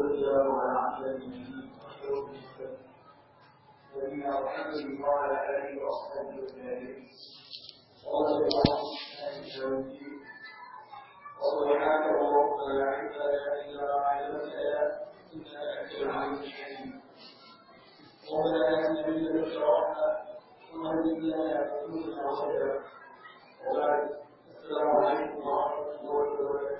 والسلام على عبد المسلمين نبينا محمد وعلى اله واصحابه اجمعين رضي الله عن التوحيد وسبحانك اللهم لا علم لنا الا ما علمتنا انك انت العليم الحكيم اللهم لا تهدي بنا شرعنا وهدنا قلوبنا خيرا وبعد السلام عليكم ورحمه الله وبركاته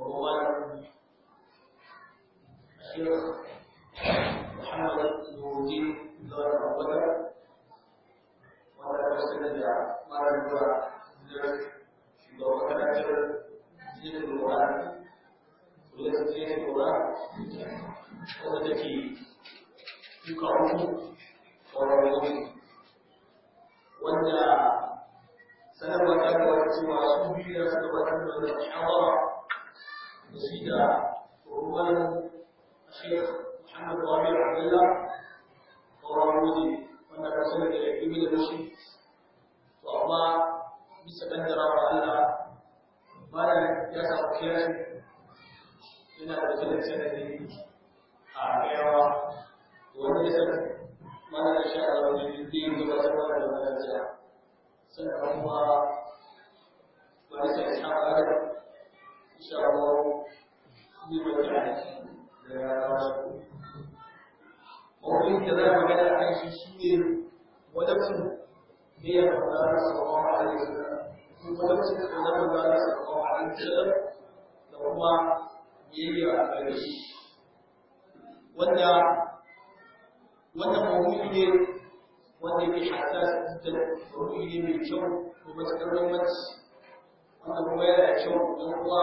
وهو الشيخ محمد نور الدين بن ابو بكر وتوسل الدعاء مر الدعاء وقد اجر دين القران وليس دين القران وذكي يقرأه ورويه وأن سنوات أكبر سوى سوريا سنوات أكبر الحضارة الشجاع وهو الشيخ محمد da ilimi da bisa kaddara wa Allah bayan ya samu kiran yana da a da da da da da So you were right. There are ومن كلام على عيش الشمير ولكن هي الرسول صلى الله عليه وسلم ولكن كلام الله صلى الله عليه وسلم لو ما يجي على ولا ولا موجود wanda ke hassas da ruhi ne mai kyau ko matakar mahimmanci wanda kuma yana da kyau don kuma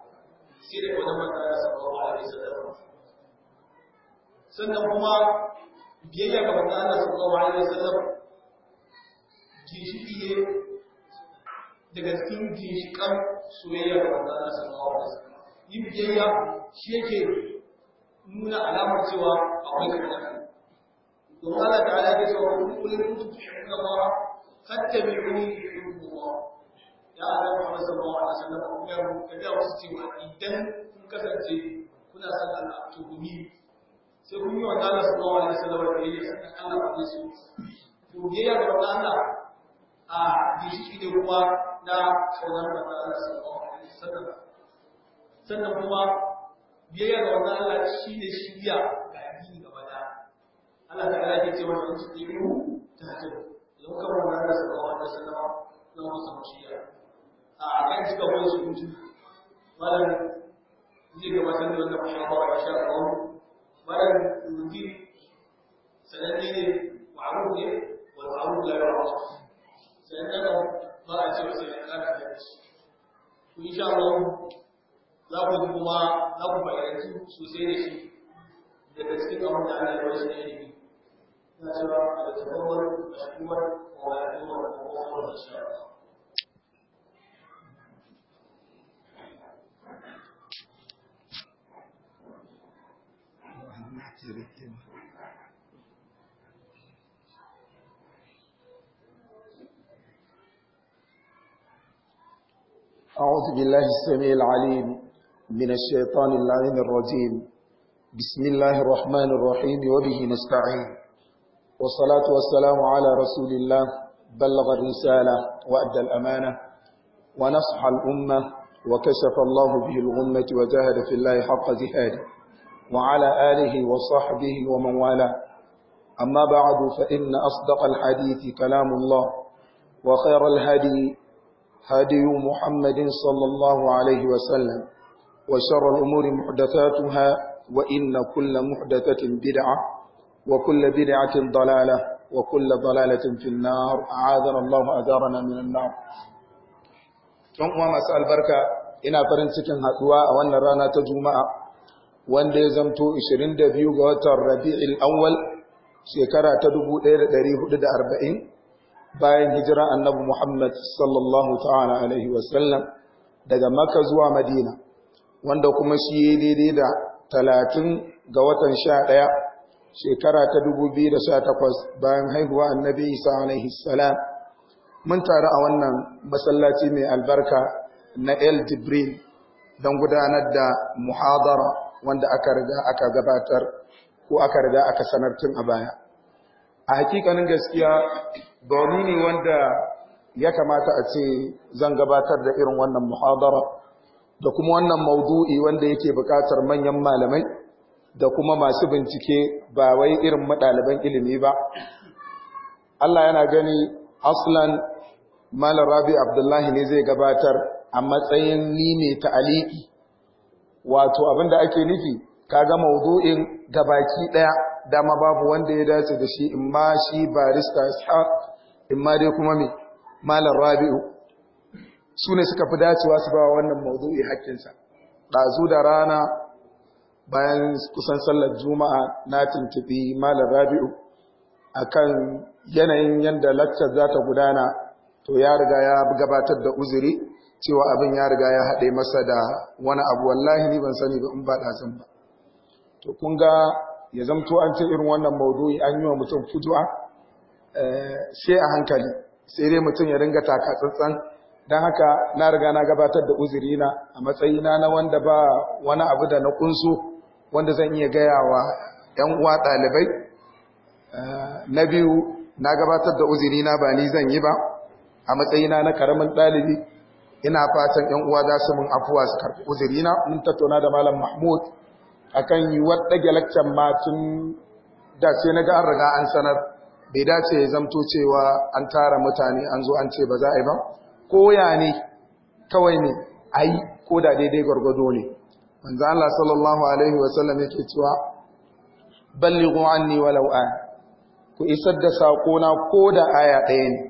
shi ne wajen matsala sallallahu alaihi wasallam sannan kuma biyayya ga manzon Allah sallallahu alaihi wasallam ginshiki ne daga cikin ginshikan soyayya ga manzon Allah sallallahu alaihi yin biyayya shi yake nuna alamar cewa akwai kamar domin Allah ta'ala ya ce wa kullu tu'minu billahi wa tattabi'u yuhibbu Allah da aka yi wa sallallahu alaihi wasallam ko ga mu kaga wasu cewa idan kun kasance kuna sallah na sai kun yi wa Allah sallallahu alaihi wasallam da yake sannan Allah ba zai to biyayya ga Allah a gishiki ne kuma na kaunar da Allah sallallahu alaihi wasallam sannan kuma biyayya ga Allah shine shiriya ga addini gaba da Allah ta'ala yake cewa in su dimu ta hadu lokacin da Allah sallallahu alaihi wasallam na musamman shiriya a kan cika wani surutu malam zai gabatar da wanda mashawara ya sha kawo malam rubuti sananne ne ma'aruf ne wal ma'aruf la yawa sanan da ba a ce sai an kana da shi ku insha Allah za ku kuma za ku fahimci sosai da shi daga cikin abin da Allah ya wasu ne ne na cewa a da tabbatar da shi kuma wa ya yi wa da kuma da shi أعوذ بالله السميع العليم من الشيطان اللعين الرجيم بسم الله الرحمن الرحيم وبه نستعين والصلاة والسلام على رسول الله بلغ الرسالة وأدى الأمانة ونصح الأمة وكشف الله به الغمة وجاهد في الله حق جهاده وعلى آله وصحبه ومن والاه أما بعد فإن أصدق الحديث كلام الله وخير الهدي هدي محمد صلى الله عليه وسلم وشر الأمور محدثاتها وإن كل محدثة بدعة وكل بدعة ضلالة وكل ضلالة في النار أعاذنا الله أجارنا من النار ثم مسأل بركة ina farin cikin haduwa a wannan rana ta Juma'a wanda ya zamto 22 ga watan Rabi'ul Awwal shekara ta 1440 bayan hijira annabi Muhammad sallallahu ta'ala alaihi wasallam daga Makka zuwa Madina wanda kuma shi ya daidai da talatin ga watan sha ɗaya shekara ta dubu biyu da sha takwas bayan haihuwa annabi Isa alaihi salam mun taru a wannan masallaci mai albarka na El Jibril don gudanar da muhadara wanda aka riga aka gabatar ko aka riga aka sanar tun a baya a hakikanin gaskiya ba ne wanda ya kamata a ce zan gabatar da irin wannan muhadara da kuma wannan maudu'i wanda yake buƙatar manyan malamai da kuma masu bincike ba wai irin maɗaliban ilimi ba Allah yana gani aslan malam rabi abdullahi ne zai gabatar a matsayin ni ne ta'aliki wato abinda ake nufi ka kaga maudu'in gabaki ɗaya. dama babu wanda ya dace da shi in ma shi barista ishaq in ma dai kuma me malam rabi'u su ne suka fi dacewa su ba wannan mawdu'i hakkinsa ɗazu da rana bayan kusan sallar juma'a na tuntubi malam rabi'u akan yanayin yadda laccar za ta gudana to ya riga ya gabatar da uzuri cewa abin ya riga ya haɗe masa da wani abu wallahi ni ban sani ba in ba ɗazan ba to kun ga ya zamto an ce irin wannan maudu'i an yi wa mutum fujwa eh, sai a hankali sai dai mutum ya ringa taka tsantsan don haka na riga na gabatar da uzurina a matsayina na wanda ba wani abu da na kunsu wanda zan iya gaya wa 'yan uwa ɗalibai eh, na biyu na gabatar da uzurina ba ni zan yi ba a matsayina na karamin ɗalibi ina fatan 'yan uwa za su mun afuwa su karɓi uzurina mun tattauna da malam mahmud akan yi ɗage lakcan matun da sai na ga an riga an sanar bai dace ya zamto cewa an tara mutane an zo an ce ba za a yi ba koya ne kawai ne a yi ko da daidai gwargwado ne manzo Allah sallallahu alaihi wasallam yake cewa ruwan ni walau an ku isar da sako na ko da aya ɗaya ne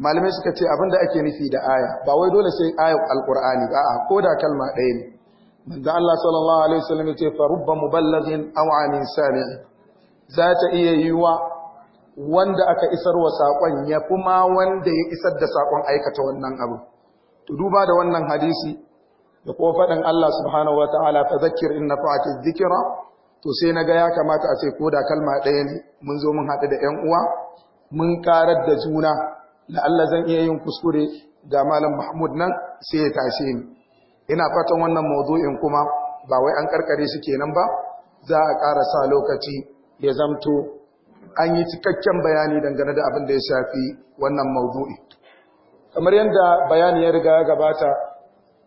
malamai suka ce abin da ake nufi da aya ba wai dole sai ayar alqur'ani ba a ko da kalma ɗaya ne manzo Allah sallallahu alaihi wasallam ya ce fa rubba muballighin aw amin sami za ta iya yiwa wanda aka isar wa sakon ya kuma wanda ya isar da sakon aikata wannan abu to duba da wannan hadisi da ko faɗin Allah subhanahu ta'ala fa zakkir in nafa'ati dhikra to sai naga ya kamata a ce ko da kalma ɗaya ne mun zo mun haɗu da ƴan uwa mun karar da juna la Allah zan iya yin kuskure ga malam Mahmud nan sai ya tashe ni ina fatan wannan mawdu'in kuma ba wai an karkare shi kenan ba za a ƙara sa lokaci ya zamto an yi cikakken bayani dangane da abin da ya shafi wannan mawdu'i kamar yadda bayani ya riga ya gabata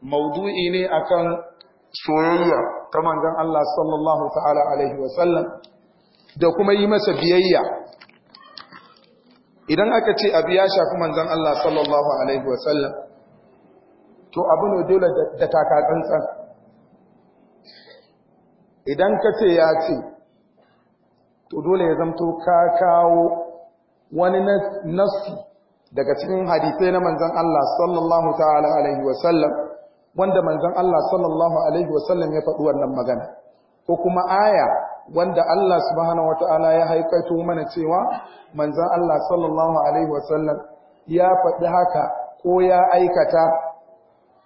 mawdu'i ne akan soyayya ta manzon Allah sallallahu ta'ala alaihi wa sallam da kuma yi masa biyayya idan aka ce abu ya shafi manzon Allah sallallahu alaihi wa sallam to abu ne dole da takatsantsan idan ka ce ya ce to dole ya zamto ka kawo wani nasu daga cikin hadisai na manzan Allah sallallahu ta'ala alaihi wasallam wanda manzan Allah sallallahu alaihi wasallam ya faɗi wannan magana ko kuma aya wanda Allah subhanahu wata'ala ya haikato mana cewa manzan Allah sallallahu alaihi wasallam ya faɗi haka ko ya aikata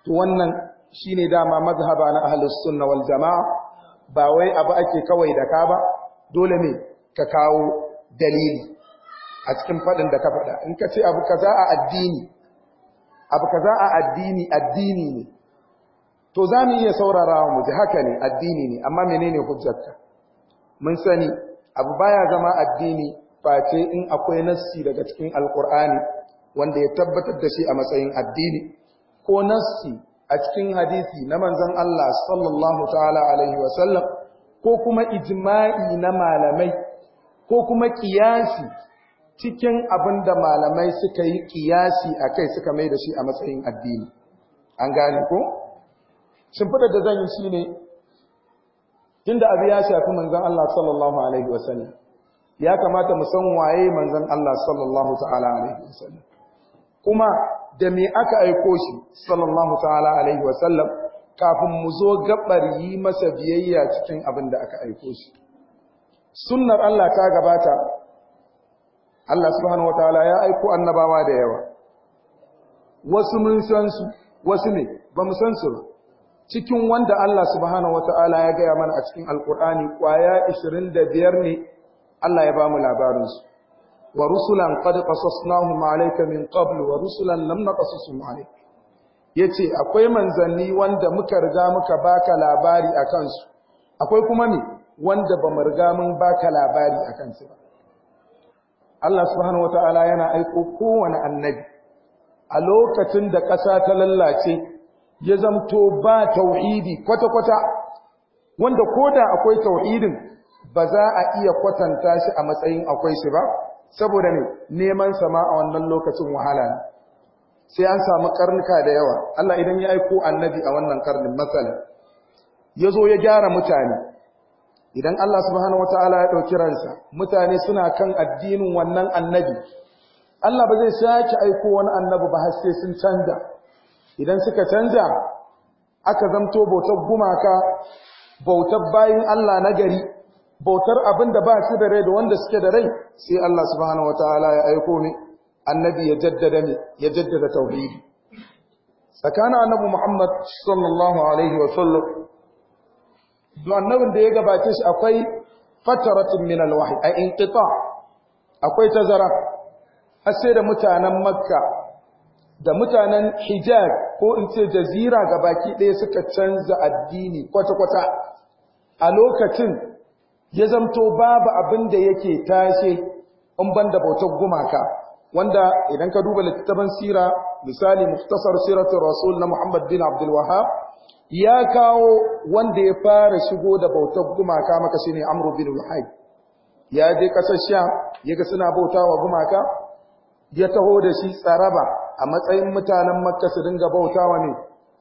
to wannan shine dama mazhaba na ahlus sunna wal jamaa ba wai abu ake kawai da ka ba dole ne ka kawo dalili a cikin fadin da ka fada in ka ce abu kaza a addini abu kaza a addini addini ne to za iya saurarawa mu ji haka ne addini ne amma menene hujjarka mun sani abu baya zama addini face in akwai nassi daga cikin alkur'ani wanda ya tabbatar da shi a matsayin addini ko nassi a cikin hadisi na manzon Allah sallallahu ta'ala alaihi wa sallam ko kuma ijma'i na malamai ko kuma kiyasi cikin abin da malamai suka yi kiyasi a kai suka mai da shi a matsayin addini an gane ko shimfiɗar da zan yi shi ne tunda abu ya shafi manzon Allah sallallahu alaihi wa sallam ya kamata mu san waye manzon Allah sallallahu ta'ala alaihi wa sallam kuma da me aka aiko shi sallallahu ta'ala alaihi wa sallam kafin mu zo gabar yi masa biyayya cikin abin da aka aiko shi sunnar Allah ta gabata Allah subhanahu wataala ya aiko annabawa da yawa wasu mun san su wasu ne ba mu san su ba cikin wanda Allah subhanahu wataala ya gaya mana a cikin alqur'ani kwaya 25 ne Allah ya ba mu su. ورسلا قد قصصناهم عليك من قبل ورسلا لم نقصصهم عليك yace akwai manzanni wanda muka riga muka baka labari a kansu akwai kuma ne wanda ba mu riga mun baka labari a kansu ba Allah subhanahu wataala yana aiko kowane annabi a lokacin da ƙasa ta lallace ya zamto ba tauhidi kwata-kwata wanda koda akwai tauhidin ba za a iya kwatanta shi a matsayin akwai shi ba saboda ne neman sama a wannan lokacin wahala ne sai an samu karnuka da yawa Allah idan ya aiko annabi a wannan karnin matsala ya zo ya gyara mutane idan Allah subhanahu wataala ya ɗauki ransa mutane suna kan addinin wannan annabi Allah ba zai sake aiko wani annabi ba har sai sun canza idan suka canza aka zamto bautar gumaka bautar bayin Allah na gari bautar abin da ba shi da rai da wanda suke da rai sai Allah subhanahu wataala ya aiko ni, annabi ya jaddada ni ya jaddada tauhidi tsakanin annabi Muhammad sallallahu alaihi wa sallam da annabin da ya gabace shi akwai fataratun min alwahi a inqita akwai tazara har sai da mutanen Makka da mutanen Hijaz ko in ce jazira ga baki ɗaya suka canza addini kwata-kwata a lokacin ya zamto babu abin da yake tashe in ban da bautar gumaka wanda idan ka duba littattafan sira misali muftasar siratul rasul na Muhammad bin Abdul wahab ya kawo wanda ya fara shigo da bautar gumaka maka shine amru bin ulhai ya je kasar ya ga suna bautawa gumaka ya taho da shi tsaraba a matsayin mutanen Makka su dinga bautawa ne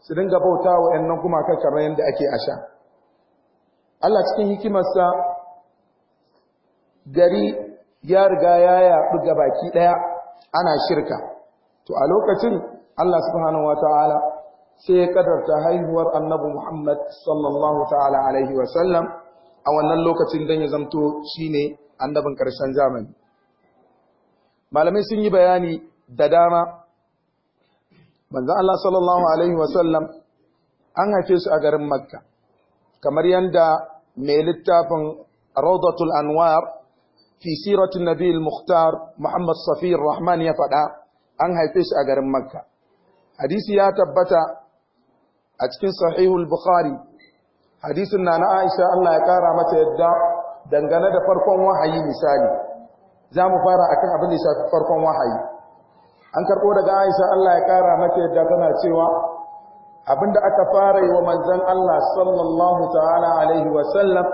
su dinga bautawa ƴannan gumaka kamar yadda ake a sha Allah cikin hikimarsa gari ya riga ya yaɗu ga baki ɗaya ana shirka to a lokacin Allah subhanahu ta'ala sai ya ƙadarta haihuwar annabi Muhammad sallallahu ta'ala alaihi wa a wannan lokacin dan ya zamto shine annabin ƙarshen zamani malamai sun yi bayani da dama manzo Allah sallallahu alaihi wa an haife su a garin Makka kamar yanda mai littafin Rawdatul Anwar fi siratin nabi al-mukhtar Muhammad Safir Rahman ya faɗa an haife shi a garin Makka hadisi ya tabbata a cikin sahihul Bukhari hadisin na na Aisha Allah ya kara mata yadda dangane da farkon wahayi misali za mu fara akan abin da shafi farkon wahayi an karɓo daga Aisha Allah ya kara mata yadda tana cewa abinda aka fara yi wa manzon Allah sallallahu ta'ala alaihi wa sallam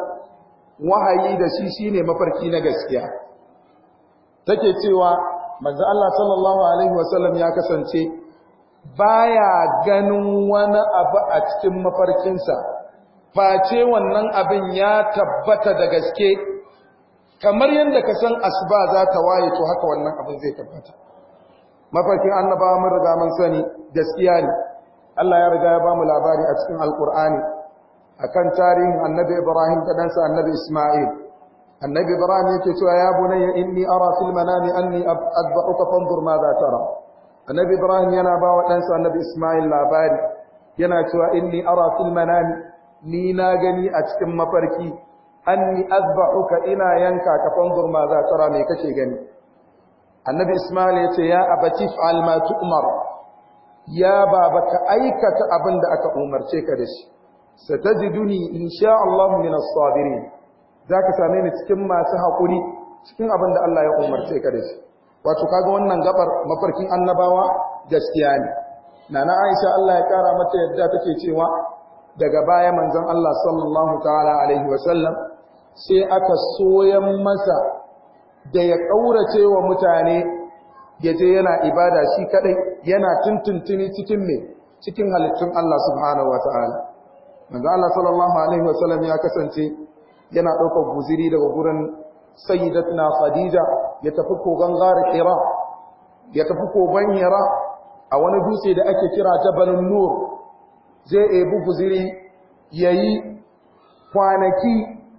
wahayi da shi shi ne mafarki na gaskiya take cewa manzo Allah sallallahu alaihi wasallam ya kasance baya ganin wani abu a cikin mafarkinsa face wannan abin ya tabbata da gaske kamar yadda ka san asuba za ta waye to haka wannan abin zai tabbata mafarkin annabawa mun riga mun sani gaskiya ne Allah ya riga ya ba mu labari a cikin alkur'ani akan tarihin annabi Ibrahim da ɗansa annabi Ismail annabi Ibrahim yake cewa ya bunayya inni ara fil manami anni adba'uka fanzur ma za tara annabi Ibrahim yana ba wa ɗansa annabi Ismail labari yana cewa inni ara fil manami ni na gani a cikin mafarki anni adba'uka ina yanka ka fanzur ma za tara me kake gani annabi Ismail ya ce ya abati fa'al ma tu'mar ya baba ka aikata abin da aka umarce ka da shi satajiduni insha شاء الله من الصابرين zaka same ni cikin masu hakuri cikin abin da Allah ya umarce ka da shi wato kaga wannan gabar mafarkin annabawa gaskiya ne nana Aisha Allah ya kara mata yadda take cewa daga baya manzon Allah sallallahu ta'ala alaihi wa sallam sai aka soyan masa da ya kaurace wa mutane yaje yana ibada shi kadai yana tuntuntuni cikin me cikin halittun Allah subhanahu wa ta'ala manzo Allah sallallahu alaihi sallam ya kasance yana ɗaukar guziri daga gurin sayyidatuna Khadija ya tafi kogan garin Hira ya tafi kogan Hira a wani dutse da ake kira Jabalun Nur zai ebi guziri yayi kwanaki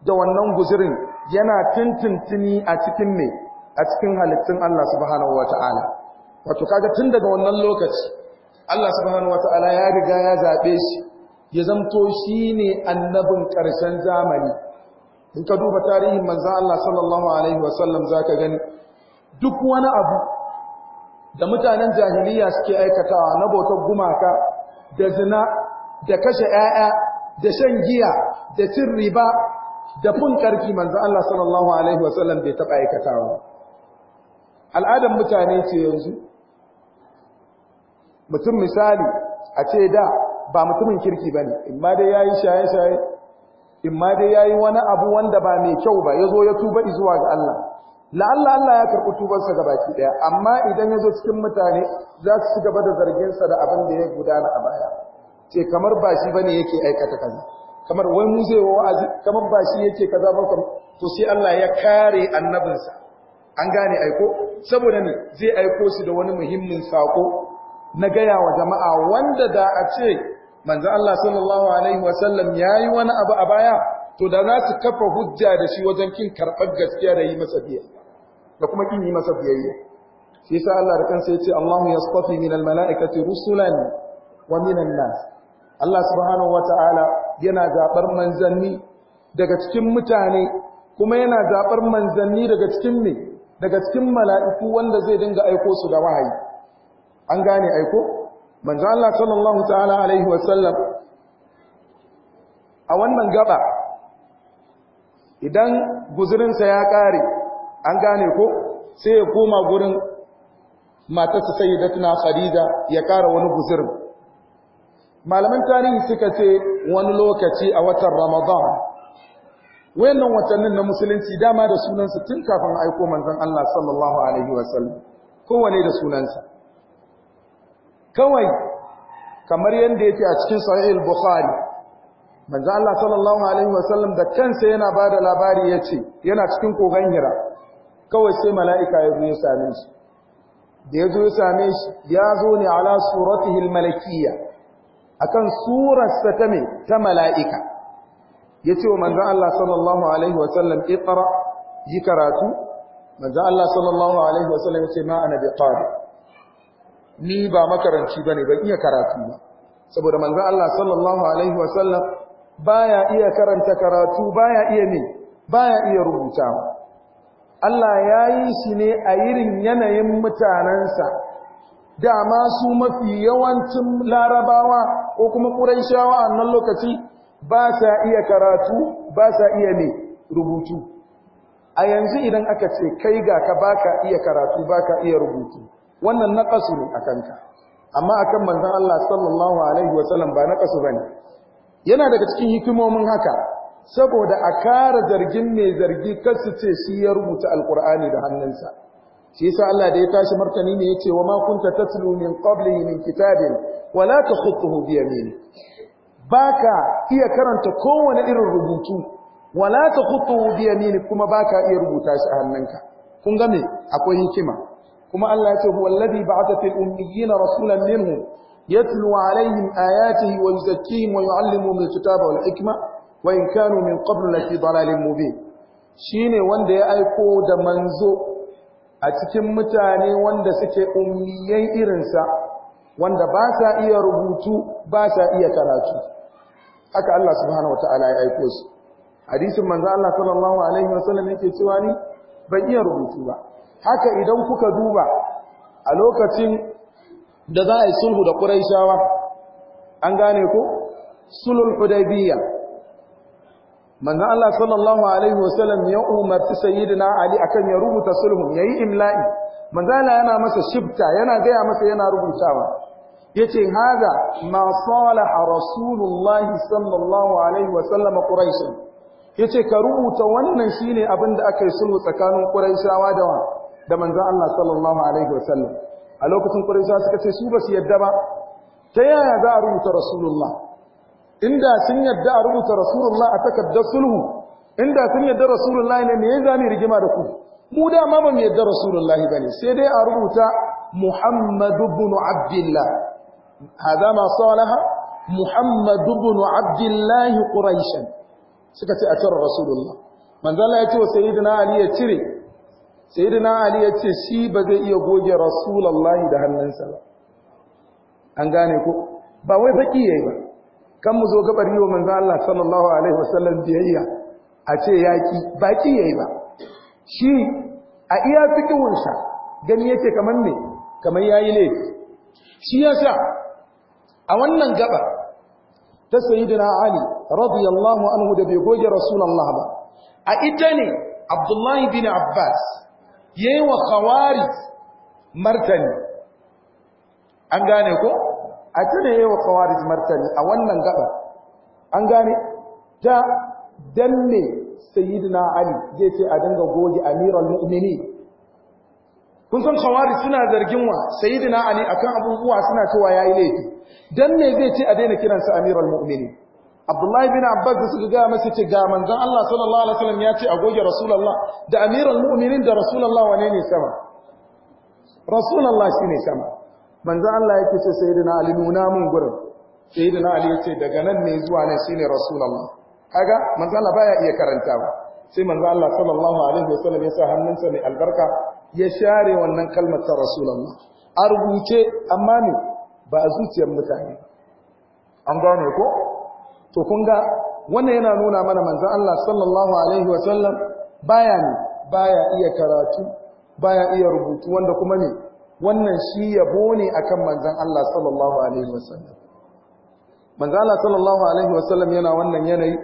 da wannan guzirin yana tintintini a cikin me a cikin halittun Allah subhanahu wata'ala wato kaga tun daga wannan lokaci Allah subhanahu wata'ala ya riga ya zabe shi ya shi ne annabin ƙarshen zamani in ka duba tarihin manza Allah sallallahu alaihi wasallam ka gani duk wani abu da mutanen jahiliya suke aikatawa na bautar gumaka da zina da kashe 'ya'ya da shan giya da cin riba da fun karfi Allah sallallahu alaihi wasallam bai taɓa aikatawa al'adar mutane ce yanzu mutum misali a ce da ba mutumin kirki ba ne in ma dai ya yi shaye-shaye in ma dai ya yi wani abu wanda ba mai kyau ba ya zo ya tuba zuwa ga Allah la'alla Allah ya karɓi tubarsa ga baki ɗaya amma idan ya zo cikin mutane za su ci gaba da zarginsa da abin da ya gudana a baya ce kamar ba shi ba ne yake aikata kaza kamar wai mu zai wa'azi kamar ba shi yake kaza ba to sai Allah ya kare annabinsa an gane aiko saboda ne zai aiko su da wani muhimmin sako na gaya wa jama'a wanda da a ce manzo Allah sallallahu alaihi wasallam yayi wani abu a baya to da za su kafa hujja da shi wajen kin karɓar gaskiya da yi masa biyayya da kuma kin yi masa biyayya shi yasa Allah da kansa ce Allahu yastafi min almalaikati rusulan wa min nas Allah subhanahu wataala yana zabar manzanni daga cikin mutane kuma yana zabar manzanni daga cikin ne daga cikin mala'iku wanda zai dinga aiko su da wahayi an gane aiko manzo Allah sallallahu ta'ala alaihi sallam a wannan gaba idan guzurinsa ya kare an gane ko sai ya koma gurin matarsa sayyidatuna Khadija ya kara wani guzurin malaman tarihi suka ce wani lokaci a watan Ramadan wayannan watannin na musulunci dama da sunansa tun kafin aiko manzon Allah sallallahu alaihi sallam kowane da sunansa kawai kamar yadda yake a cikin sahih bukhari manzo Allah sallallahu alaihi wasallam da kansa yana ba da labari yace yana cikin kogan hira kawai sai mala'ika ya zo ya same shi da ya zo ya same shi ya zo ne ala suratihi almalakiyya akan surarsa ta me ta mala'ika yace wa manzo Allah sallallahu alaihi wasallam iqra yi karatu manzo Allah sallallahu alaihi wasallam yace ma ana biqari ni ba makaranci ne ban iya karatu ba saboda manzon Allah sallallahu alaihi wasallam baya iya karanta karatu baya iya ne baya iya rubuta Allah ya yi shi ne a irin yanayin mutanensa dama su mafi yawancin larabawa ko kuma ƙuraishawa a nan lokaci ba sa iya karatu ba sa iya ne rubutu a yanzu idan aka ce kai ga ka baka iya karatu baka iya rubutu wannan ƙasu ne a kanka, amma a kan manzon Allah sallallahu alaihi wasallam ba ba ne. yana daga cikin hikimomin haka saboda a kara zargin mai zargi kar ce shi ya rubuta Alƙur'ani da hannunsa shi sa Allah da ya tashi martani ne ya ce wa ma kunta tatlu min qablihi min kitabin wa la takhutuhu bi yaminik baka iya karanta kowane irin rubutu wala takhutuhu bi yamini kuma baka iya rubuta shi a hannunka kun ga akwai hikima kuma Allah ya ce huwallazi ba'atha fil ummiyina rasulan minhum yatlu alaihim ayatihi wa yuzakkihim wa yu'allimuhum alkitaba wal hikma wa in kanu min qablu lafi dalalin mubin shine wanda ya aiko da manzo a cikin mutane wanda suke ummiyai irinsa wanda ba sa iya rubutu ba sa iya karatu haka Allah subhanahu ta'ala ya aiko su hadisin manzo Allah sallallahu alaihi wa wasallam yake cewa ni ban iya rubutu ba haka idan kuka duba a lokacin da za a yi sulhu da ƙuraishawa an gane ku sulhul hudaybiyya manzon Allah sallallahu alaihi wasallam ya umarci sayyidina Ali akan ya rubuta sulhun yayi imla'i manzon Allah yana masa shibta yana gaya masa yana rubutawa yace hada ma salaha rasulullah sallallahu alaihi wasallam quraish yace ka rubuta wannan shine abin da aka yi sulhu tsakanin quraishawa da wa da manzon Allah sallallahu alaihi wasallam a lokacin Quraysh suka ce su ba su yadda ba ta yaya za a rubuta Rasulullah inda sun yadda a rubuta Rasulullah a takaddar sulhu inda sun yadda Rasulullah ne me yasa ne rigima da ku mu da ma ba mu yadda Rasulullah bane sai dai a rubuta Muhammad ibn Abdullah hada ma salaha Muhammad ibn Abdullah Quraysh suka ce a cire Rasulullah manzo Allah ya ce wa sayyidina Ali ya cire sayyidina ali ya ce shi ba zai iya goge rasulullahi da hannunsa ba an gane ko ba wai baki yayi ba kan mu zo gabar yi wa manzo Allah sallallahu alaihi wasallam biyayya a ce yaki baki yayi ba shi a iya fikiwunsa gani yake kamar ne kamar yayi laifi shi yasa a wannan gaba ta sayyidina ali radiyallahu anhu da bai goge rasulullah ba a ita ne abdullahi bin abbas yayi wa khawarij martani an gane ko a tuna yayi wa khawarij martani a wannan gaba an gane ta danne sayyidina ali zai ce a dinga goge amirul mu'mini kun san khawarij suna zargin wa sayyidina ali akan abubuwa suna cewa yayi laifi dan me zai ce a daina kiransa amirul mu'mini Abdullahi bin Abbas da suka gaya masa ce ga manzon Allah sallallahu alaihi wasallam ya ce a goge Rasulullah da Amirul Mu'minin da Rasulullah wane ne sama Rasulullah shine sama manzon Allah yake ce sayyidina Ali nuna mun gurin sayyidina Ali yace daga nan ne zuwa nan shine Rasulullah kaga manzon Allah baya iya karantawa sai manzon Allah sallallahu alaihi wasallam ya sa hannunsa mai albarka ya share wannan kalmar ta Rasulullah a rubuce amma ne ba a zuciyar mutane an gane ko to kun ga wannan yana nuna mana manzon Allah sallallahu alaihi wa sallam baya ne baya iya karatu baya iya rubutu wanda kuma ne wannan shi yabo ne akan manzon Allah sallallahu alaihi wa sallam manzon Allah sallallahu alaihi wa sallam yana wannan yanayi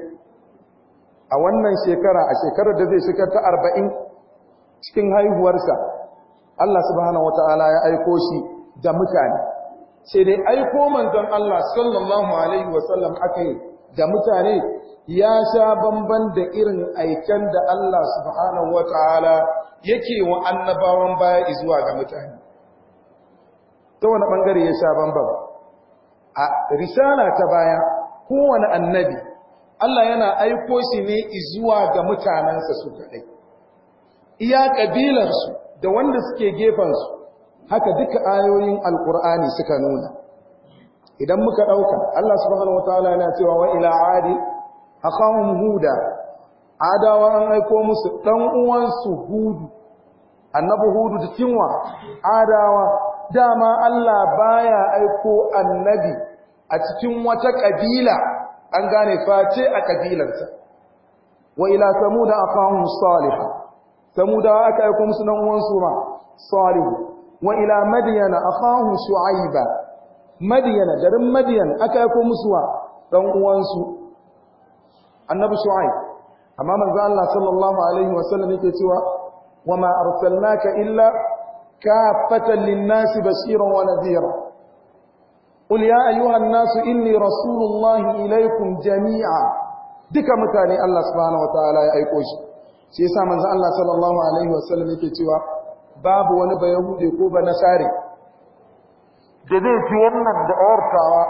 a wannan shekara a shekarar da zai shiga ta 40 cikin haihuwarsa Allah subhanahu wataala ya aiko shi da mutane sai dai aiko manzon Allah sallallahu alaihi aka akai da mutane ya sha bamban da irin aikan da Allah subhanahu Ta'ala yake wa annabawan baya zuwa ga mutane ta wani bangare ya sha bamban a risala ta baya kowane annabi Allah yana aiko shi ne zuwa ga mutanensa su kaɗai iya kabilarsu da wanda suke gefansu haka duka ayoyin alƙur'ani suka nuna idan muka ɗauka Allah subhanahu wa ta'ala yana cewa wa ila adi akahum huda adawa an aiko musu ɗan uwansu hudu annabi hudu cikin wa adawa dama Allah baya aiko annabi a cikin wata kabila an gane face a kabilansa wa ila samuda akahum salih samuda aka aiko musu dan uwansu ma salih wa ila madyana akahum shu'aiba madiyana garin madiyan aka aiko musu wa dan uwansu annabi shu'ai amma manzo Allah sallallahu alaihi wa sallam yake cewa ma arsalnaka illa kafatan lin nas basiran wa nadhira qul ya an-nas inni rasulullahi ilaikum jami'a duka mutane Allah subhanahu ta'ala ya aiko shi sai yasa manzo Allah sallallahu alaihi wa sallam yake cewa babu wani bayahude ko ba nasare da zai fi wannan da awartawa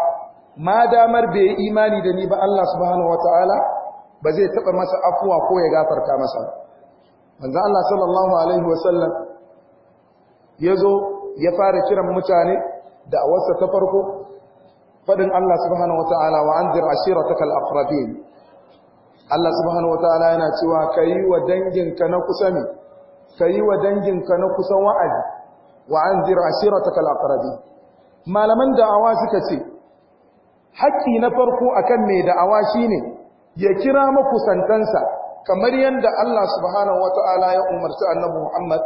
ma damar bai yi imani da ni ba Allah subhanahu wataala ba zai taɓa masa afuwa ko ya gafarta masa manzo Allah sallallahu alaihi wasallam yazo ya fara kiran mutane da awarsa ta farko faɗin Allah subhanahu wataala wa anzir ashiratakal aqrabin Allah subhanahu wataala yana cewa kai wa danginka na kusa ne kai wa danginka na kusa wa'azi wa anzir ashiratakal aqrabin malaman da'awa suka ce haƙƙi na farko akan mai da'awa shine ya kira makusantansa kamar yadda Allah subhanahu wata'ala ya umarci annabi Muhammad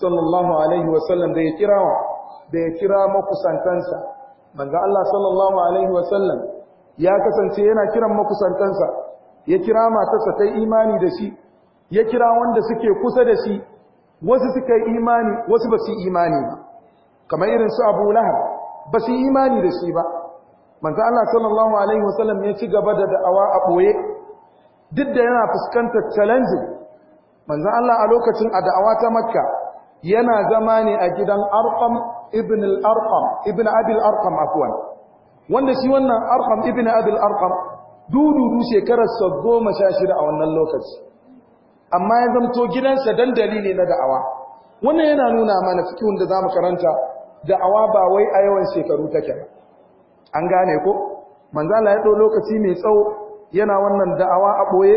sallallahu alaihi wasallam da ya kira da ya kira makusantansa manzo Allah sallallahu alaihi wasallam ya kasance yana kiran makusantansa ya kira matarsa ta imani da shi ya kira wanda suke kusa da shi wasu suka yi imani wasu ba su imani ba kamar irin su Abu Lahab ba su imani da shi ba manzo Allah sallallahu alaihi wasallam ya ci gaba da da'awa a boye duk da yana fuskantar challenge manzo Allah a lokacin a da'awa ta Makka yana zama ne a gidan Arqam ibn al-Arqam ibn Abi al wanda shi wannan arkam ibn Abi al-Arqam dududu shekarar sa goma sha shida a wannan lokaci amma ya zamto gidansa dandali ne na da'awa wannan yana nuna mana cikin da zamu karanta da'awa ba wai a yawan shekaru take ba an gane ko manzala ya dau lokaci mai tsawo yana wannan da'awa a boye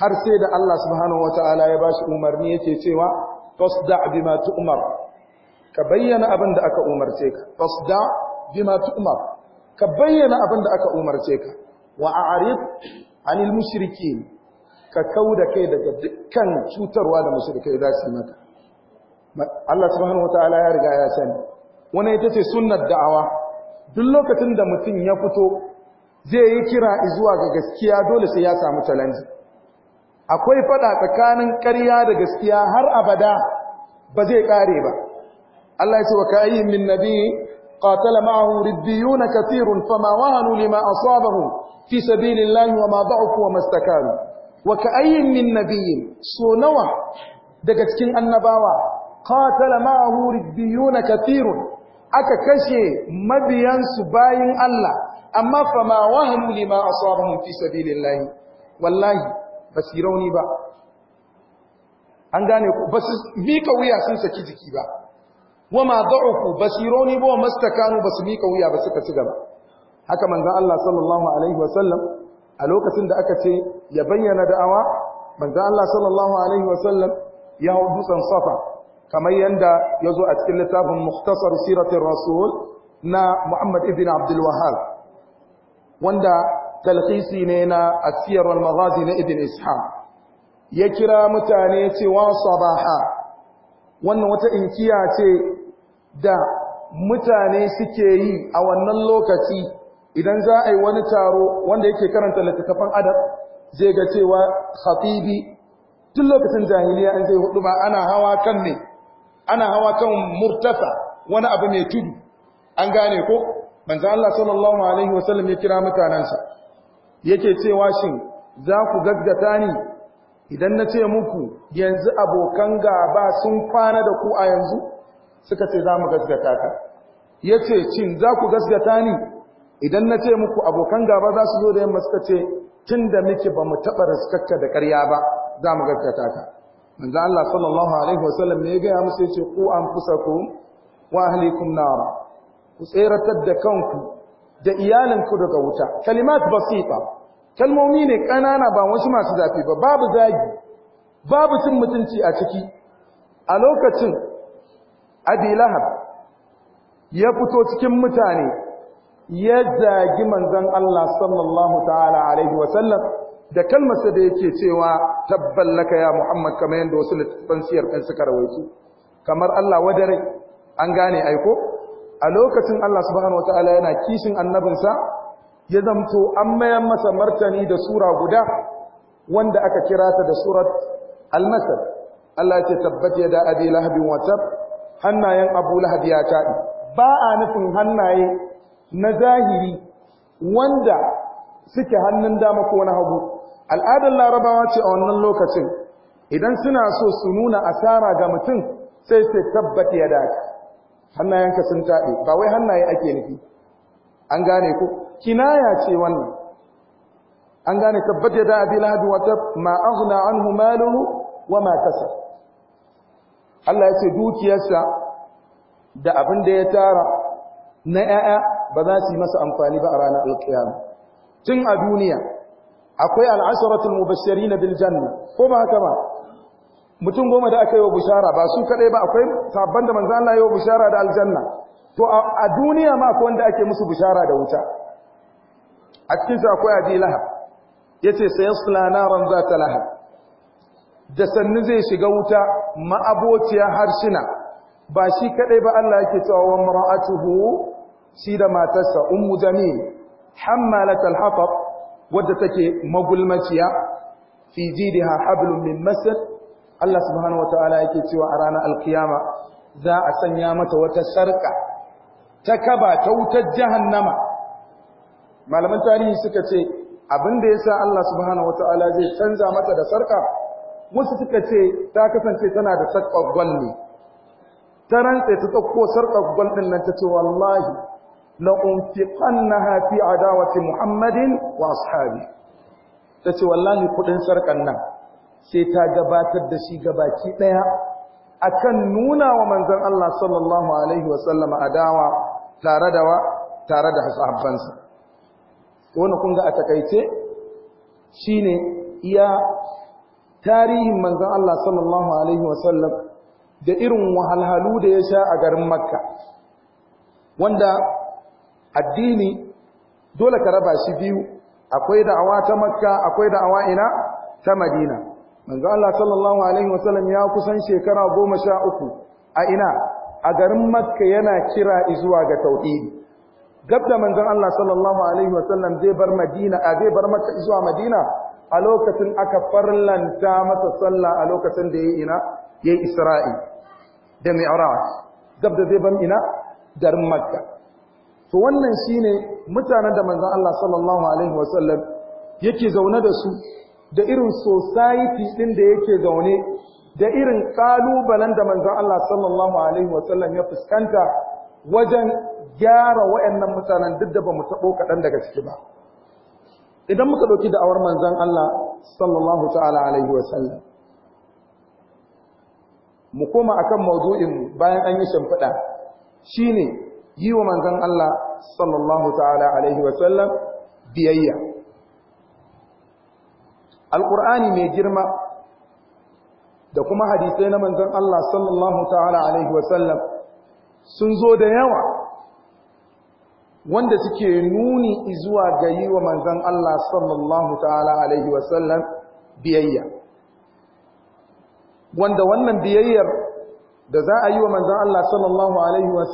har sai da Allah subhanahu wataala ya bashi umarni yake cewa fasda bima tu'mar ka bayyana abin da aka umarce ka fasda bima tu'mar ka bayyana abin da aka umarce ka wa a'rid anil mushrikeen ka kauda kai daga dukkan cutarwa da mushrikai za su yi maka Allah subhanahu Ta'ala ya riga ya sani Wani ita ce sunnar da'awa duk lokacin da mutum ya fito zai yi kira zuwa ga gaskiya dole sai ya samu challenge akwai fada tsakanin karya da gaskiya har abada ba zai kare ba Allah ya ce wa kayi min nabi قاتل معه ربيون كثير فما وهنوا لما أصابهم في سبيل الله وما so nawa daga cikin annabawa qatala ma'ahu ribbiyuna kathirun aka kashe mabiyan su bayin Allah amma fa ma wahanu lima asabahum fi sabilillah wallahi basirauni ba an gane ku basu mika wuya sun saki jiki ba wama da'ufu basirauni ba mastakanu basu mika wuya ba suka ci gaba haka manzon Allah sallallahu alaihi wasallam a lokacin da aka ce ya bayyana da'awa manzon Allah sallallahu alaihi wasallam ya hau dutsen safa kamar yadda ya zo a cikin littafin muktasar siratun rasul na muhammad ibn abdulwahab wanda talhisi ne na asiyar al-maghazi na ibn Isha. ya kira mutane cewa sabaha wannan wata inkiya ce da mutane suke yi a wannan lokaci idan za a yi wani taro wanda yake karanta littattafan adab zai ga cewa khatibi tun lokacin jahiliya an zai hudu ba ana hawa kan ne ana hawa kan murtafa wani abu mai tudu an gane ko manzo Allah sallallahu alaihi wasallam ya kira mutanansa yake cewa shin za ku gaggata ni idan na ce muku yanzu abokan gaba sun kwana da ku a yanzu suka ce za mu gaggata ka yace cin za ku gaggata ni idan na ce muku abokan gaba za su zo da yamma suka ce tunda muke ba mu taɓa riskakka da ƙarya ba za mu gaggata ka manzo Allah sallallahu alaihi wasallam ne ya gaya musu yace ku anfusakum wa ahlikum nar ku tseratar da kanku da iyalinku daga wuta kalimat basita kalmomi ne kanana ba wasu masu zafi ba babu zagi babu cin mutunci a ciki a lokacin abi lahab ya fito cikin mutane ya zagi manzon Allah sallallahu ta'ala alaihi wasallam da kalmarsa da yake cewa tabban laka ya Muhammad kamar yadda wasu littafan siyar ɗin suka rawaitu kamar Allah wadare an gane aiko a lokacin Allah subhanahu wataala yana kishin annabinsa ya zamto an mayar masa martani da sura guda wanda aka kira ta da surat al-masad Allah ce tabbat yada abi lahabin wa tab hannayen abu lahab ya taɗi ba a nufin hannaye na zahiri wanda suke hannun dama ko na hagu al'adar larabawa ce a wannan lokacin idan suna so su nuna asara ga mutum sai sai tabbata ya daka hannayenka sun taɓe ba wai hannaye ake nufi an gane ku kinaya ce wannan an gane tabbata ya da abin lahadu wata tab an aghna anhu wa ma kasa, Allah ya ce dukiyarsa da abin da ya tara na 'ya'ya ba za su yi masa amfani ba a ranar alkiyama tun a duniya akwai al'asharatul mubashirin bil janna ko ba haka ba mutum goma da aka yi wa bushara ba su kadai ba akwai sabban da manzo Allah ya yi wa bushara da aljanna to a duniya ma akwai wanda ake musu bushara da wuta a cikin sa akwai abi lahab yace sayasla naran zata lahab da sannu zai shiga wuta ma'abociya harshina ba shi kadai ba Allah yake cewa wa mar'atuhu shi da matarsa ummu jamil hammalatul hatab wadda take magulmaciya fi jidiha hablum min masad Allah subhanahu wataala yake cewa a ranar alkiyama za a sanya mata wata sarka ta kaba ta wutar jahannama malaman tarihi suka ce abinda yasa Allah subhanahu wataala zai canza mata da sarka wasu suka ce ta kasance tana da sarkar gwal ne ta rantse ta tsakko sarkar gwal din nan ta ce wallahi لأنفقنها Muhammadin wa محمد Ta ce والله كدن سرقن nan sai ta gabatar da shi gabaki daya akan nuna wa manzan Allah sallallahu alaihi wasallam adawa tare da wa tare da sahabbansa wannan kun ga a takaice shine iya tarihin manzan Allah sallallahu alaihi wasallam da irin wahalhalu da ya sha a garin Makka wanda addini dole ka raba shi biyu akwai da'awa ta makka akwai da'awa ina ta madina manzo Allah sallallahu alaihi wasallam ya kusan shekara goma sha uku a ina a garin makka yana kira zuwa ga tauhidi gab da manzo Allah sallallahu alaihi wasallam zai bar madina a zai bar makka zuwa madina a lokacin aka farlanta masa sallah a lokacin da yayi ina yayi isra'i da mi'raj gab da zai bar ina garin makka to wannan shine mutanen da manzon Allah sallallahu alaihi wasallam yake zaune da su da irin society din da yake zaune da irin kalubalen da manzon Allah sallallahu alaihi wasallam ya fuskanta wajen gyara wayannan mutanen duk da bamu tabo kadan daga ciki ba idan muka dauki da'awar manzon Allah sallallahu ta'ala alaihi wasallam mu koma akan mawdu'in bayan an yi shimfiɗa shine yi wa manzon Allah sallallahu ta'ala alaihi wa sallam biyayya alqur'ani mai girma da kuma hadisai na manzan Allah sallallahu ta'ala alaihi wa sun zo da yawa wanda suke nuni izuwa ga yi wa manzon Allah sallallahu ta'ala alaihi wa biyayya wanda wannan biyayyar da za a yi wa manzon Allah sallallahu alaihi wa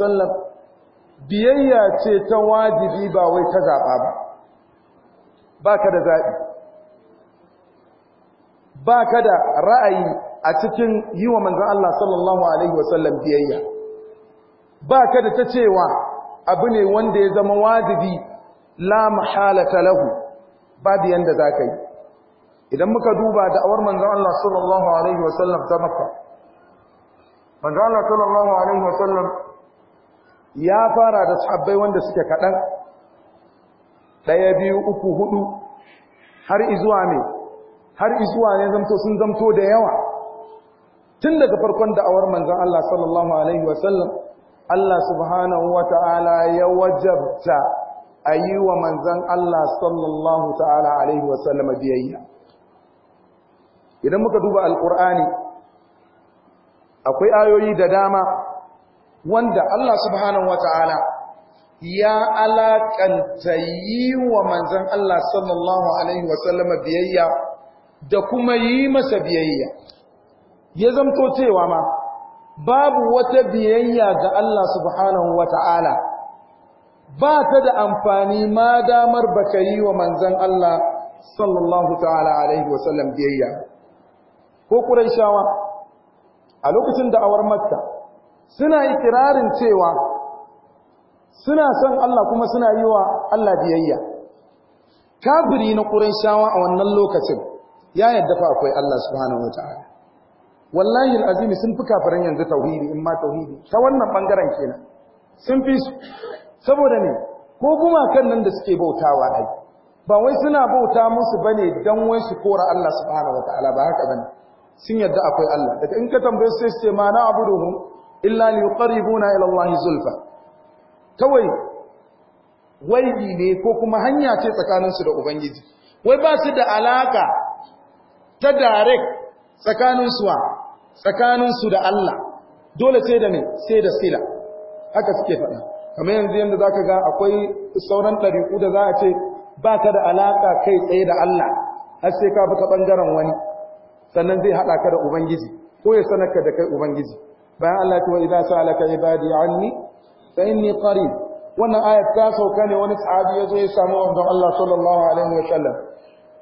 biyayya ce ta wajibi ba wai ta zaɓa ba ba ka da zaɓi ba ka da ra'ayi a cikin yi wa manzan Allah sallallahu Alaihi wasallam biyayya ba ka da ta cewa abu ne wanda ya zama wajibi la mahalata lahu ba da yanda za ka yi idan muka duba da'awar manzan Allah sallallahu Alaihi wasallam ta maka manzan Allah sallallahu Alaihi wasallam ya fara da sahabbai wanda suke kaɗan ɗaya biyu uku hudu har izuwa ne har izuwa ne zamto sun zamto da yawa tun daga farkon da'awar manzan Allah sallallahu alaihi wasallam Allah subhanahu wa ta'ala ya wajabta a yi wa manzan Allah sallallahu ta'ala alaihi wasallam biyayya idan muka duba alƙur'ani akwai ayoyi da dama wanda Allah subhanahu wataala ya alakanta yi wa manzan Allah sallallahu alaihi wasallama biyayya da kuma yi masa biyayya ya zamto cewa ma babu wata biyayya ga Allah subhanahu wataala ba ta da amfani ma damar baka yi wa manzan Allah sallallahu ta'ala alaihi wasallam biyayya ko shawa a lokacin da awar makka suna ikirarin cewa suna son Allah kuma suna yi wa Allah biyayya kafiri na shawa a wannan lokacin ya yadda fa akwai Allah subhanahu wataala wallahi alazimi sun fi kafiran yanzu tauhidi in ma tauhidi ta wannan bangaren kenan sun fi su saboda ne ko kuma kan nan da suke bautawa ai ba wai suna bauta musu bane dan wai su kora Allah subhanahu wataala ba haka bane sun yadda akwai Allah daga in ka tambaye sai su ce ma na abuduhum illa li yuqarribuna ila Allah zulfa kawai waidi ne ko kuma hanya ce tsakaninsu da ubangiji wai ba su da alaka ta direct tsakaninsu wa su da Allah dole sai da ne sai da sila haka suke faɗa kamar yanzu yanda zaka ga akwai sauran ɗariƙu da za a ce ba ka da alaƙa kai tsaye da Allah har sai ka bi ta ɓangaren wani sannan zai haɗa ka da ubangiji ko ya sanar ka da kai ubangiji bayan Allah ta wa idza sa'alaka ibadi anni fa inni qarib wannan ayat ta sauka ne wani sa'adu ya zo ya samu manzon Allah sallallahu alaihi wa sallam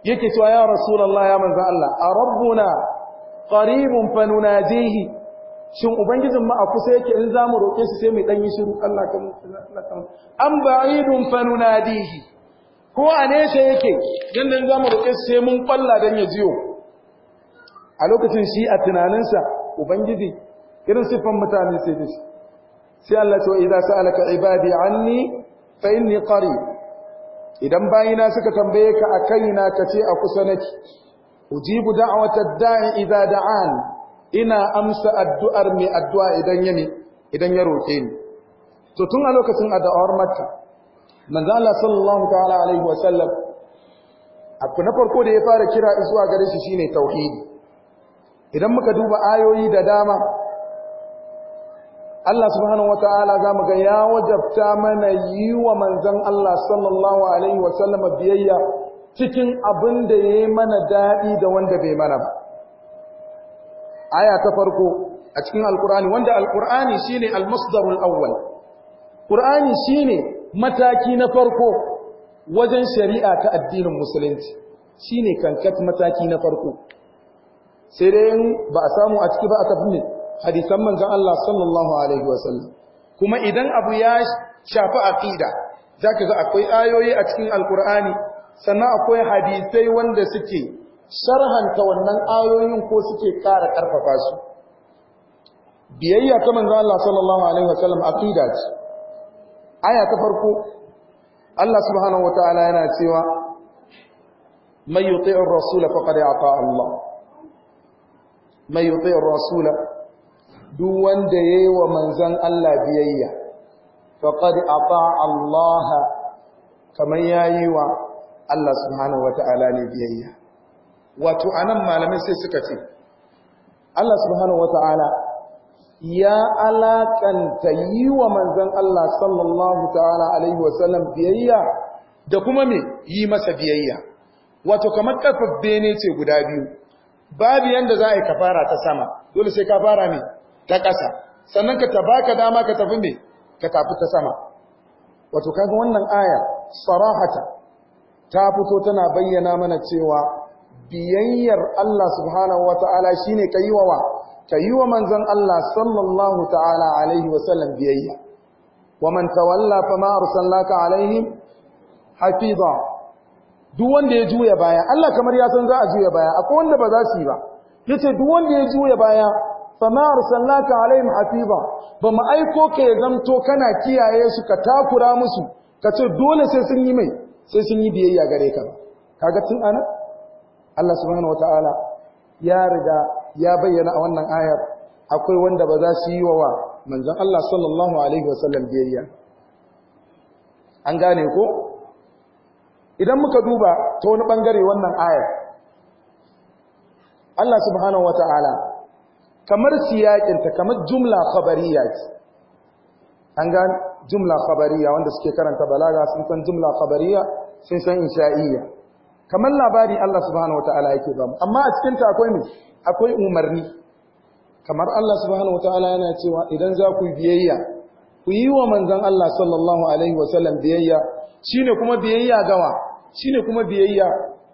yake cewa ya Allah ya manzon Allah a rabbuna qaribun fa jihi, shin ubangijin ma a kusa yake in za mu roƙe su sai mu dan yi shiru Allah kan Allah kan am ba'idun fa nunadihi ko a nesa yake dan za mu roƙe su sai mun kwalla don ya jiyo a lokacin shi a tunaninsa ubangiji irin siffan mutane sai da shi sai Allah ce idza sa'alaka ibadi anni fa inni qarib idan bayina suka tambaye ka akaina kace a kusa nake ujibu da'wata da'i idza da'an ina amsa addu'ar mi addu'a idan ya idan ya roke ni to tun a lokacin addu'ar makka manzo Allah sallallahu ta'ala alaihi wa sallam abu na farko da ya fara kira zuwa gare shi shine tauhidi idan muka duba ayoyi da dama Allah subhanahu wa ta'ala za mu ga ya wajabta mana yi wa manzan Allah sallallahu alaihi wasallama biyayya cikin abin da ya yi mana daɗi da wanda bai mana ba. Aya ta farko a cikin Alƙur'ani, wanda Alƙur'ani shi ne almasdarul awwal. Ƙur'ani shi ne mataki na farko wajen shari'a ta addinin Musulunci, shi ne kankat mataki na farko. Sai dai ba a samu a ciki ba a tafi hadisan manzon Allah sallallahu alaihi wasallam kuma idan abu ya shafi aqida zaka ga akwai ayoyi a cikin alqur'ani sannan akwai hadisai wanda suke sharhanta wannan ayoyin ko suke ƙara ƙarfafa su biyayya ta manzon Allah sallallahu alaihi wasallam aqida ce aya ta farko Allah subhanahu wataala yana cewa man yuti'ir rasul faqad ata Allah man yuti'ir rasul duk wanda yi wa manzan Allah biyayya faqad ata Allah ya yi wa Allah subhanahu wata'ala ne biyayya wato anan malamai sai suka ce Allah subhanahu wata'ala ya alaƙanta yi wa manzan Allah sallallahu ta'ala alaihi wasallam biyayya da kuma me yi masa biyayya wato kamar karfar bene ce guda biyu babu yanda za a yi kafara ta sama dole sai kafara ne ta ƙasa sannan ka ta baka dama ka tafi me ka tafi ta sama wato kaga wannan aya sarahata ta fito tana bayyana mana cewa biyayyar Allah subhanahu wata'ala shine ka yi wa ka yi wa manzon Allah sallallahu ta'ala alaihi wa sallam biyayya wa man tawalla fama arsalnaka alaihim hafiza duk wanda ya juya baya Allah kamar ya san za a juya baya akwai wanda ba za su yi ba yace duk wanda ya juya baya fama arsalnaka alaihim hafiza mu aiko ka ya zamto kana kiyaye su ka takura musu ka ce dole sai sun yi mai sai sun yi biyayya gare ka ba kaga tun ana Allah subhanahu wataala ya riga ya bayyana a wannan ayar akwai wanda ba za su yi wa manzon Allah sallallahu alaihi wasallam biyayya an gane ko idan muka duba ta wani bangare wannan ayar Allah subhanahu wataala kamar siyaƙinta kamar jumla khabariya ce an ga jumla khabariya wanda suke karanta balaga sun san jumla khabariya sun san insha'iyya kamar labari Allah subhanahu wataala yake ba mu amma a cikin ta akwai me akwai umarni kamar Allah subhanahu wataala yana cewa idan za ku biyayya ku yi wa manzon Allah sallallahu alaihi sallam biyayya shine kuma biyayya gawa shine kuma biyayya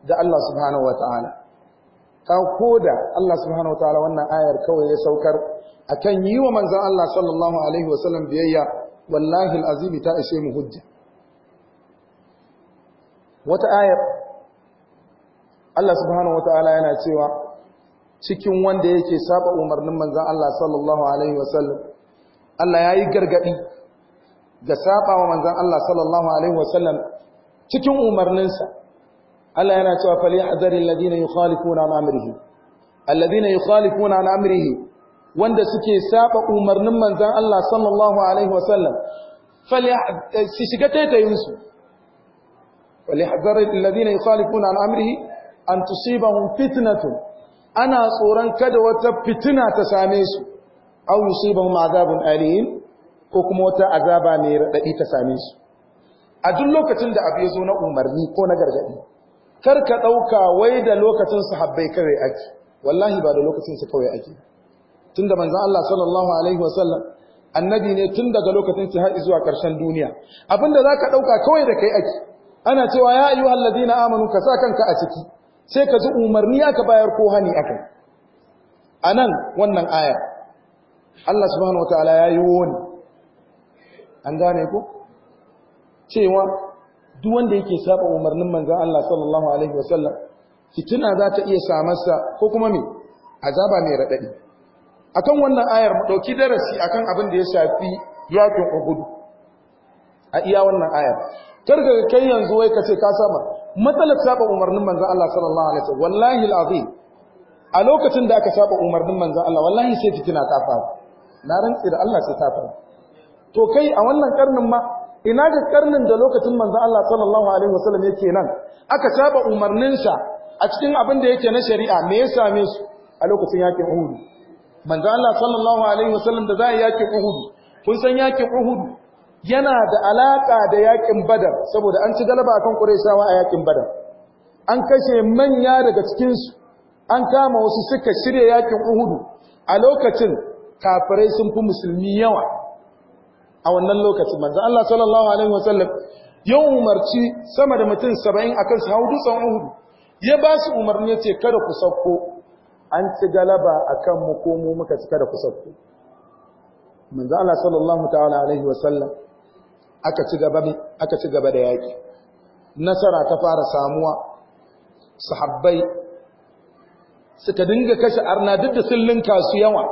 da Allah subhanahu wataala ko da Allah subhanahu wa ta'ala wannan ayar kawai ya saukar a kan yi wa manzon Allah sallallahu alaihi wa biyayya wallahi al'azimi ta ishe mu hujja wata ayar Allah subhanahu wa ta'ala yana cewa cikin wanda yake saba umarnin manzon Allah sallallahu alaihi wa sallam Allah yayi gargadi ga saba wa manzon Allah sallallahu alaihi wa cikin umarninsa Allah yana cewa fali azaril ladina yukhalifuna an amrihi alladina yukhalifuna an amrihi wanda suke saba umarnin manzan Allah sallallahu alaihi wasallam fali eh, su shiga taitayin su fali azaril ladina yukhalifuna an amrihi an tusibahum fitnatun ana tsoron kada wata fitina ta same su aw yusibahum azabin alim ko kuma wata azaba mai radadi ta same su a duk lokacin da abu ya zo na umarni ko na gargadi kar ka ɗauka wai da lokacin sahabbai kawai ake wallahi ba da lokacin kawai ake tunda manzon Allah sallallahu alaihi wasallam annabi ne tun daga lokacin su har zuwa ƙarshen duniya abinda za ka ɗauka kawai da kai ake ana cewa ya ayyuhal na amanu ka sa kanka a ciki sai ka ji umarni aka bayar ko hani A nan, wannan aya Allah subhanahu wataala ya yi woni an gane ko cewa duk wanda yake saba umarnin manzon Allah sallallahu alaihi wasallam fitina za ta iya samarsa ko kuma me azaba mai radadi akan wannan ayar mu dauki darasi akan abin da ya shafi yakin Uhud a iya wannan ayar karka kai yanzu wai ka ce ka saba. matsalar saba umarnin manzon Allah sallallahu alaihi wasallam wallahi alazim a lokacin da aka saba umarnin manzon Allah wallahi sai fitina ta faru na rantsi da Allah sai ta faru to kai a wannan karnin ma ina ga karnin da lokacin manzo Allah sallallahu alaihi wasallam yake nan aka saba umarninsa a cikin abin da yake na shari'a me ya same su a lokacin yakin Uhud manzo Allah sallallahu alaihi wasallam da za a yakin Uhud kun san yakin Uhud yana da alaƙa da yakin Badar saboda an ci galaba akan Qurayshawa a yakin Badar an kashe manya daga cikin an kama wasu suka shirya yakin Uhud a lokacin kafirai sun fi musulmi yawa a wannan lokacin manzo Allah sallallahu alaihi wasallam ya umarci sama da mutum 70 akan su hau dutsen Uhud ya ba su umarni yace kada ku sauko an ci galaba akan mu ko mu muka ci kada ku sauko manzo Allah sallallahu ta'ala alaihi wasallam aka ci gaba aka ci gaba da yaki nasara ta fara samuwa sahabbai suka dinga kashe arna duk da sun linka su yawa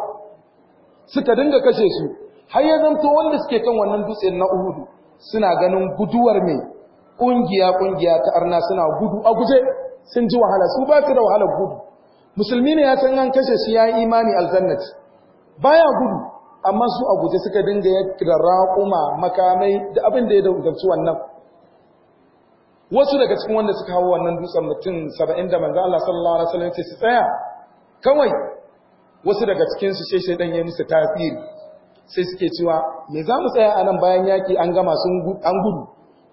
suka dinga kashe su har ya zanto wanda suke kan wannan dutse na Uhudu suna ganin guduwar mai ƙungiya ƙungiya ta arna suna gudu a guje sun ji wahala su ba su da wahalar gudu musulmi ne ya san an kashe shi ya yi imani aljannati baya gudu amma su a guje suka dinga ya da raƙuma makamai da abin da ya daugarci wannan wasu daga cikin wanda suka hawa wannan dutsen mutum saba'in da manzo Allah sallallahu alaihi wasallam ya ce su tsaya kawai wasu daga cikin su sai shaidan ya musu tasiri sai suke cewa me za mu tsaya a nan bayan yaƙi an gama sun an gudu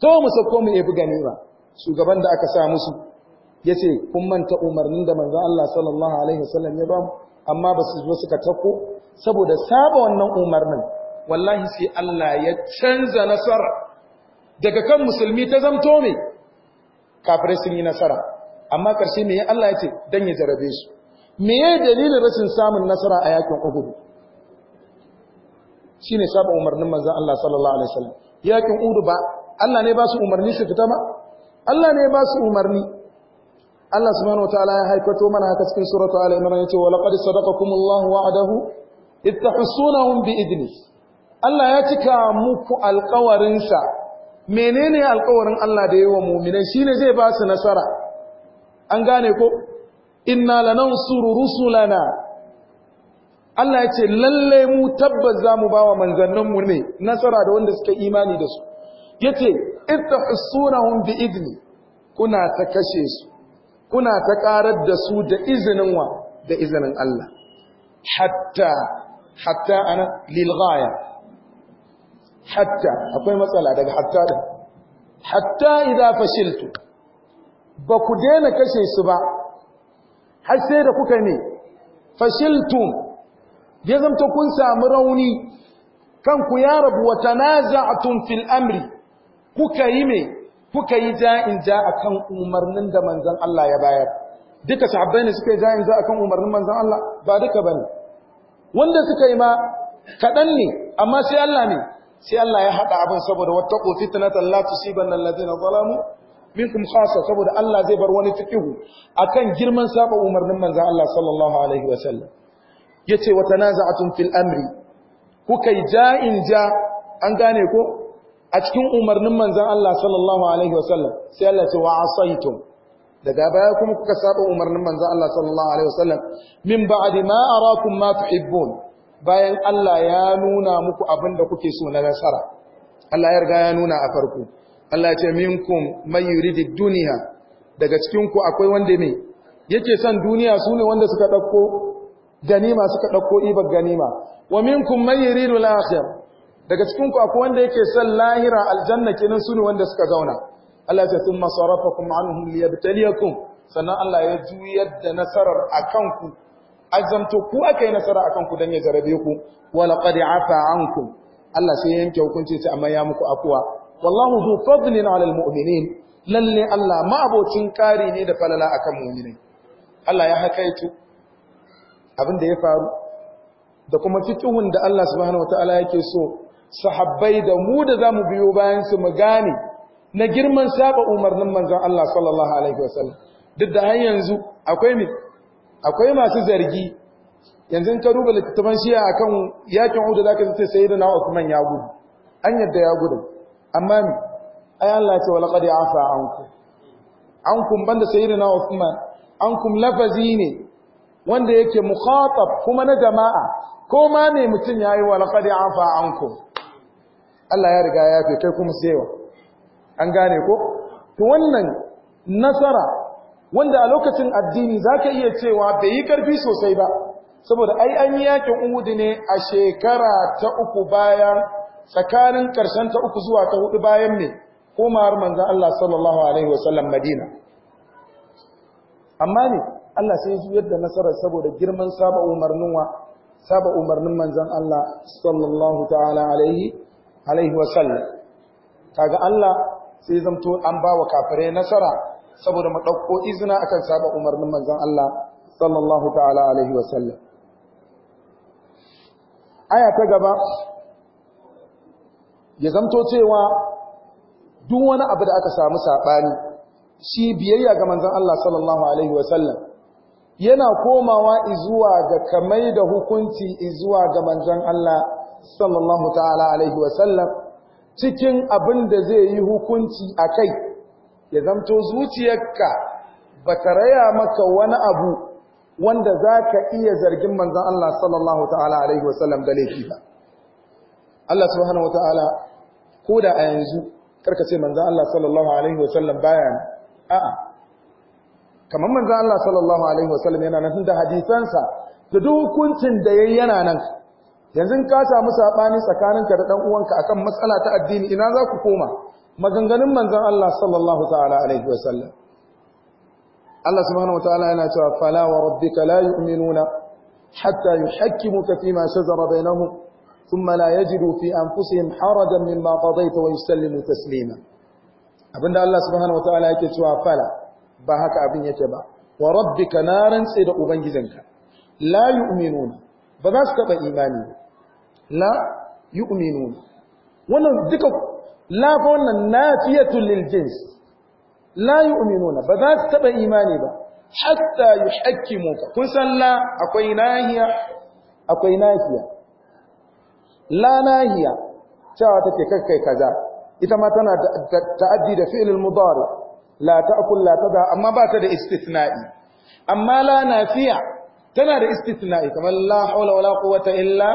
to mu sauko mu yabi ganima shugaban da aka sa musu ya ce kun manta umarnin da manzo Allah sallallahu alaihi wasallam ya ba mu amma ba su zo suka tako saboda saba wannan umarnin wallahi sai Allah ya canza nasara daga kan musulmi ta zamto me kafirai sun yi nasara amma ƙarshe me Allah ya ce dan ya jarabe su me dalilin rashin samun nasara a yakin Uhud shine saba umarnin manzon Allah sallallahu alaihi wasallam kin udu ba Allah ne ba su umarni su fita ba Allah ne ba su umarni Allah subhanahu wataala ya haikato mana haka cikin suratu al imran yace wa laqad sadaqakumullahu wa'adahu ittahsunahum bi idni Allah ya cika muku sa. menene alƙawarin Allah da yawa mu'minai shine zai ba su nasara an gane ko inna lanansuru rusulana Allah ya ce lalle mu tabbas zamu bawa manzanninmu ne nasara da wanda suka imani da su ya ce ittahissunahum bi idni kuna ta kashe su kuna ta karar da su da izinin wa da izinin Allah hatta hatta ana lil ghaya hatta akwai matsala daga hatta da hatta idza fashiltu ba ku daina kashe su ba har sai da kuka ne fashiltum ya zamta kun samu rauni kanku ya rabu wa tanaza'atun fil amri kuka yi me kuka yi ja'in ja akan umarnin da manzon Allah ya bayar duka sahabbai ne suka yi ja'in ja akan umarnin manzon Allah ba duka bane wanda suka yi ma kadan ne amma sai Allah ne sai Allah ya hada abin saboda wattaqu fitnatan la tusibanna alladhina zalamu minkum khassa saboda Allah zai bar wani fiqhu akan girman saba umarnin manzon Allah sallallahu alaihi wasallam ya ce wata na za'atun fil amri kuka yi ja'in ja an gane ko a cikin umarnin manzan Allah sallallahu alaihi wasallam sai Allah ce wa asaitum daga baya kuma kuka saba umarnin manzan Allah sallallahu alaihi wasallam min dima a arakum ma tuhibbun bayan Allah ya nuna muku abin da kuke so na nasara Allah ya riga ya nuna a farko Allah ya ce minkum may yuridu duniya daga cikinku akwai wanda me yake son duniya sune wanda suka dauko ganima suka ɗauko ibar ganima wa minkum man yuridu al-akhir daga cikin ku akwai wanda yake son lahira aljanna kenan sune wanda suka zauna Allah ya thumma sarafakum anhum liyabtaliyakum sannan Allah ya juyar da nasarar akan ku azamto ku akai nasara akan ku dan ya jarabe ku wa laqad afa ankum Allah sai yanke hukunci sai amma ya muku afuwa wallahu zu fadlin 'ala al lalle Allah ma abocin kari ne da falala akan mu'minai Allah ya hakaitu abin da ya faru da kuma fikihun da Allah subhanahu wataala yake so sahabbai da mu da zamu biyo bayan su mu gane na girman saba umarnin manzan Allah sallallahu alaihi wasallam duk da hanyar yanzu akwai akwai masu zargi yanzu ka duba littattafan shiya kan yakin Uhud sai da nawa kuma ya gudu an yadda ya gudu amma mi ai Allah ya ce walaqad afa anku ankum banda kuma an ankum lafazi ne wanda yake mukhatab kuma na jama'a ko ma ne mutum yayi wa laqad afa anku Allah ya riga ya fi kai kuma sai an gane ko to wannan nasara wanda a lokacin addini zaka iya cewa bai yi karfi sosai ba saboda ai an yi yakin Uhud ne a shekara ta uku bayan tsakanin karshen ta uku zuwa ta hudu bayan me komawar manzon Allah sallallahu alaihi wasallam Madina amma ne Allah sai juyar da nasarar saboda girman saba umarnin wa saba umarnin manzon Allah sallallahu ta'ala alaihi alaihi wa sallam kaga Allah sai zamto an bawa kafirai nasara saboda mu dauko izina akan saba umarnin manzon Allah sallallahu ta'ala alaihi wa sallam aya ta gaba ya zamto cewa duk wani abu da aka samu sabani shi biyayya ga manzon Allah sallallahu alaihi wa sallam yana komawa izuwa ga kamai da hukunci izuwa ga manzon Allah sallallahu ta'ala alaihi wa sallam cikin abin da zai yi hukunci a kai ya zamto zuciyarka ba ta raya maka wani abu wanda za ka iya zargin manzon Allah sallallahu ta'ala alaihi wa sallam da laifi ba Allah subhanahu wa ta'ala ko da a yanzu karka ce manzon Allah sallallahu alaihi wa sallam baya a'a kamar manzo Allah sallallahu alaihi wasallam yana nan da hadisansa da duk hukuncin da yayi yana nan yanzu ka samu sabani tsakaninka da dan uwanka akan matsala ta addini ina za ku koma maganganun manzo Allah sallallahu ta'ala alaihi wasallam Allah subhanahu wataala yana cewa fala wa rabbika la yu'minuna hatta yuhakkimuka ma shajara bainahum thumma la yajidu fi anfusihim harajan mimma qadayta wa yusallimu taslima abinda Allah subhanahu wataala yake cewa fala ba haka abin yake ba wa rabbika na rantse da ubangijinka la yu'minuna ba za su taba imani ba la yu'minuna wannan duka la fa wannan nafiyatul lil jins la yu'minuna ba za su taba imani ba hatta yuhakkimuka kun san la akwai nahiya akwai nahiya la nahiya cewa take kai kaza ita ma tana ta'addi da fi'il mudari la ta'kul la tada amma ba ta da istithna'i amma la nafiya tana da istithna'i kamar la hawla wala quwwata illa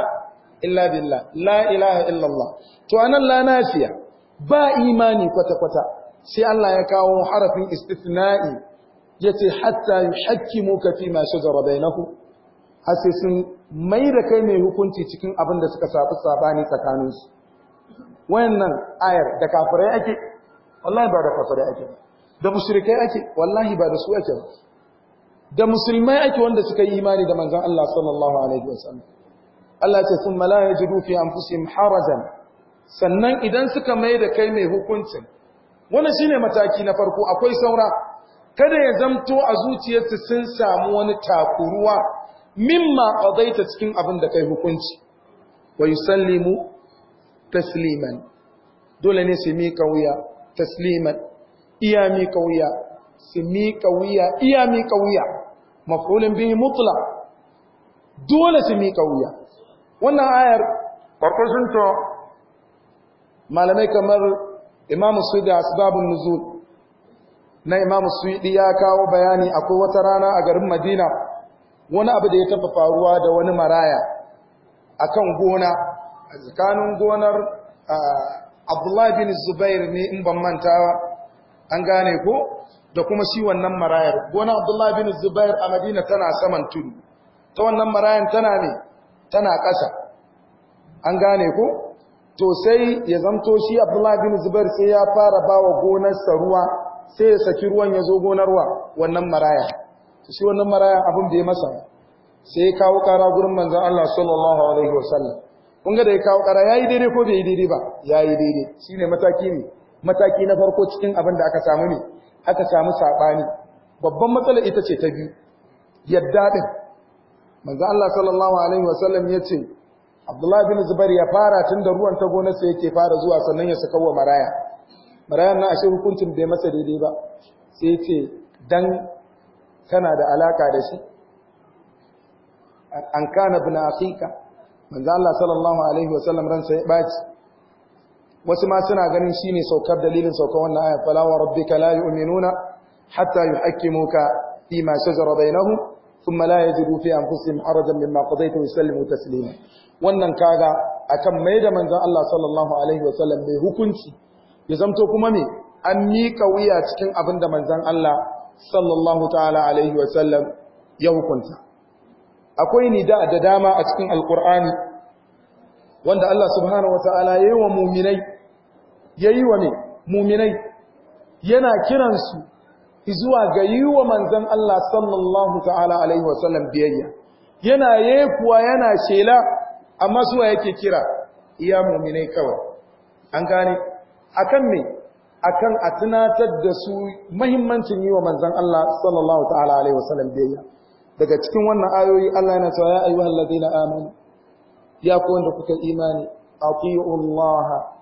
illa billah la ilaha illa Allah to anan la nafiya ba imani kwata kwata sai Allah ya kawo harafin istithna'i yace hatta yuhakkimuka fi ma shajara bainahum har sun mai da kai mai hukunci cikin abin da suka sabu sabani tsakaninsu wayannan ayar da kafirai ake wallahi ba da kafirai ake ba da mushrikai ake wallahi ba da su ake ba da musulmai ake wanda suka yi imani da manzan Allah sallallahu alaihi wasallam Allah ce sun mala ya jidu fi anfusihim harajan sannan idan suka mai da kai mai hukuncin wani shine mataki na farko akwai saura kada ya zamto a zuciyarsu sun samu wani takuruwa mimma qadaita cikin abin da kai hukunci wa yusallimu tasliman dole ne su mika wuya tasliman iya mi kawiya su mi kawiya iya mi kawiya maf'ulin bihi dole su mi kawiya wannan ayar farkon to malamai kamar imamu su da asbabun nuzul na imamu suidi ya kawo bayani akwai wata rana a garin madina wani abu da ya taba faruwa da wani maraya akan gona a tsakanin gonar abdullahi bin zubair ne in ban mantawa an gane ko da kuma shi wannan marayar gona abdullahi bin zubair a madina tana saman tudu ta wannan marayar tana ne tana ƙasa an gane ko to sai ya zanto shi abdullahi bin zubair sai ya fara bawa gonarsa ruwa sai ya saki ruwan ya zo gonarwa wannan maraya shi wannan maraya abin da ya masa sai ya kawo kara gurin manzan Allah sallallahu alaihi wasallam kun ga da ya kawo kara yayi daidai ko bai yi daidai ba yayi daidai shine mataki ne mataki na farko cikin abin da aka samu ne aka samu sabani babban matsala ita ce ta biyu yadda din manzo Allah sallallahu alaihi wasallam ce Abdullah bin Zubair ya fara tun da ruwan ta gonarsa yake fara zuwa sannan ya saka wa maraya marayan na ashe hukuncin bai masa daidai ba sai ce dan kana da alaka da shi an kana bin akika manzo Allah sallallahu alaihi wasallam ransa ya baci wasu ma suna ganin shine saukar dalilin saukar wannan aya rabbi wa uminuna. la yu'minuna hatta muka fi ma shajara bainahum thumma la yajidu fi anfusihim harajan ta qadayta wa yusallimu taslima wannan kaga akan mai da manzan Allah sallallahu alaihi wa sallam mai hukunci ya zamto kuma me an mika wuya cikin abin da manzan Allah sallallahu ta'ala alaihi wa sallam ya hukunta akwai nida da dama a cikin alkur'ani wanda Allah subhanahu wa ta'ala ya yi wa muminai ya yi wa ne muminai yana kiransu zuwa ga yi wa manzan Allah sallallahu ta'ala alaihi wasallam biyayya yana yekuwa yana shela amma suwa yake kira iya muminai kawai an gane akan me akan a tunatar da su mahimmancin yi wa manzan Allah sallallahu ta'ala alaihi wasallam biyayya daga cikin wannan ayoyi Allah yana cewa ya ayyuhal ladina amanu ya ku wanda kuka imani atiiu Allah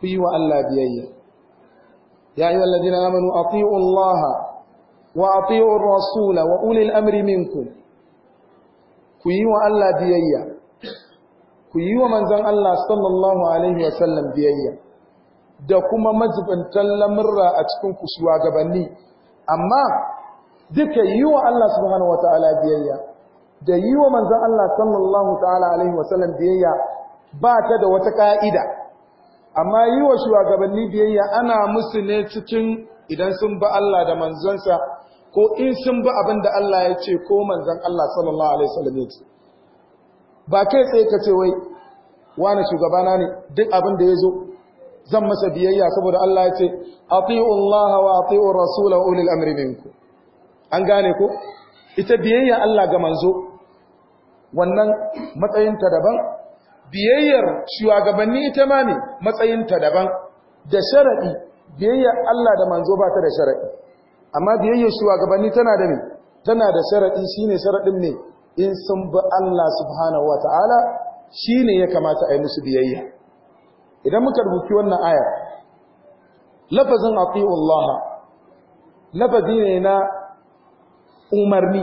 ku yi wa Allah biyayya ya ayyuha allazina amanu ati'u Allah wa ati'u ar-rasul wa ulil amri minkum ku yi wa Allah biyayya ku yi wa manzan Allah sallallahu alaihi wa sallam biyayya da kuma majibantan lamurra a cikin ku gabanni. amma duka yi wa Allah subhanahu wa ta'ala biyayya da yi wa manzan Allah sallallahu ta'ala alaihi wa sallam biyayya ba ta da wata ƙa'ida. amma yi wa shugabanni biyayya ana musu ne cikin idan sun ba Allah da manzonsa ko in sun ba abin da Allah ya ce ko manzon Allah sallallahu alaihi wasallam ya ce ba kai tsaye ka ce wai wani shugabana ne duk abin da ya zo zan masa biyayya saboda Allah ya ce ati'u Allah wa ati'u rasula ulil amri an gane ko ita biyayya Allah ga manzo wannan matsayinta daban biyayyar shugabanni ita ma ne matsayinta daban da sharaɗi biyayyar Allah da manzo ba ta da sharaɗi amma biyayyar shugabanni tana da me tana da sharaɗi shine sharaɗin ne in sun bi Allah subhanahu wataala shine ya kamata a yi musu biyayya idan muka rubuci wannan aya lafazin aqi'u Allah lafazi ne na umarni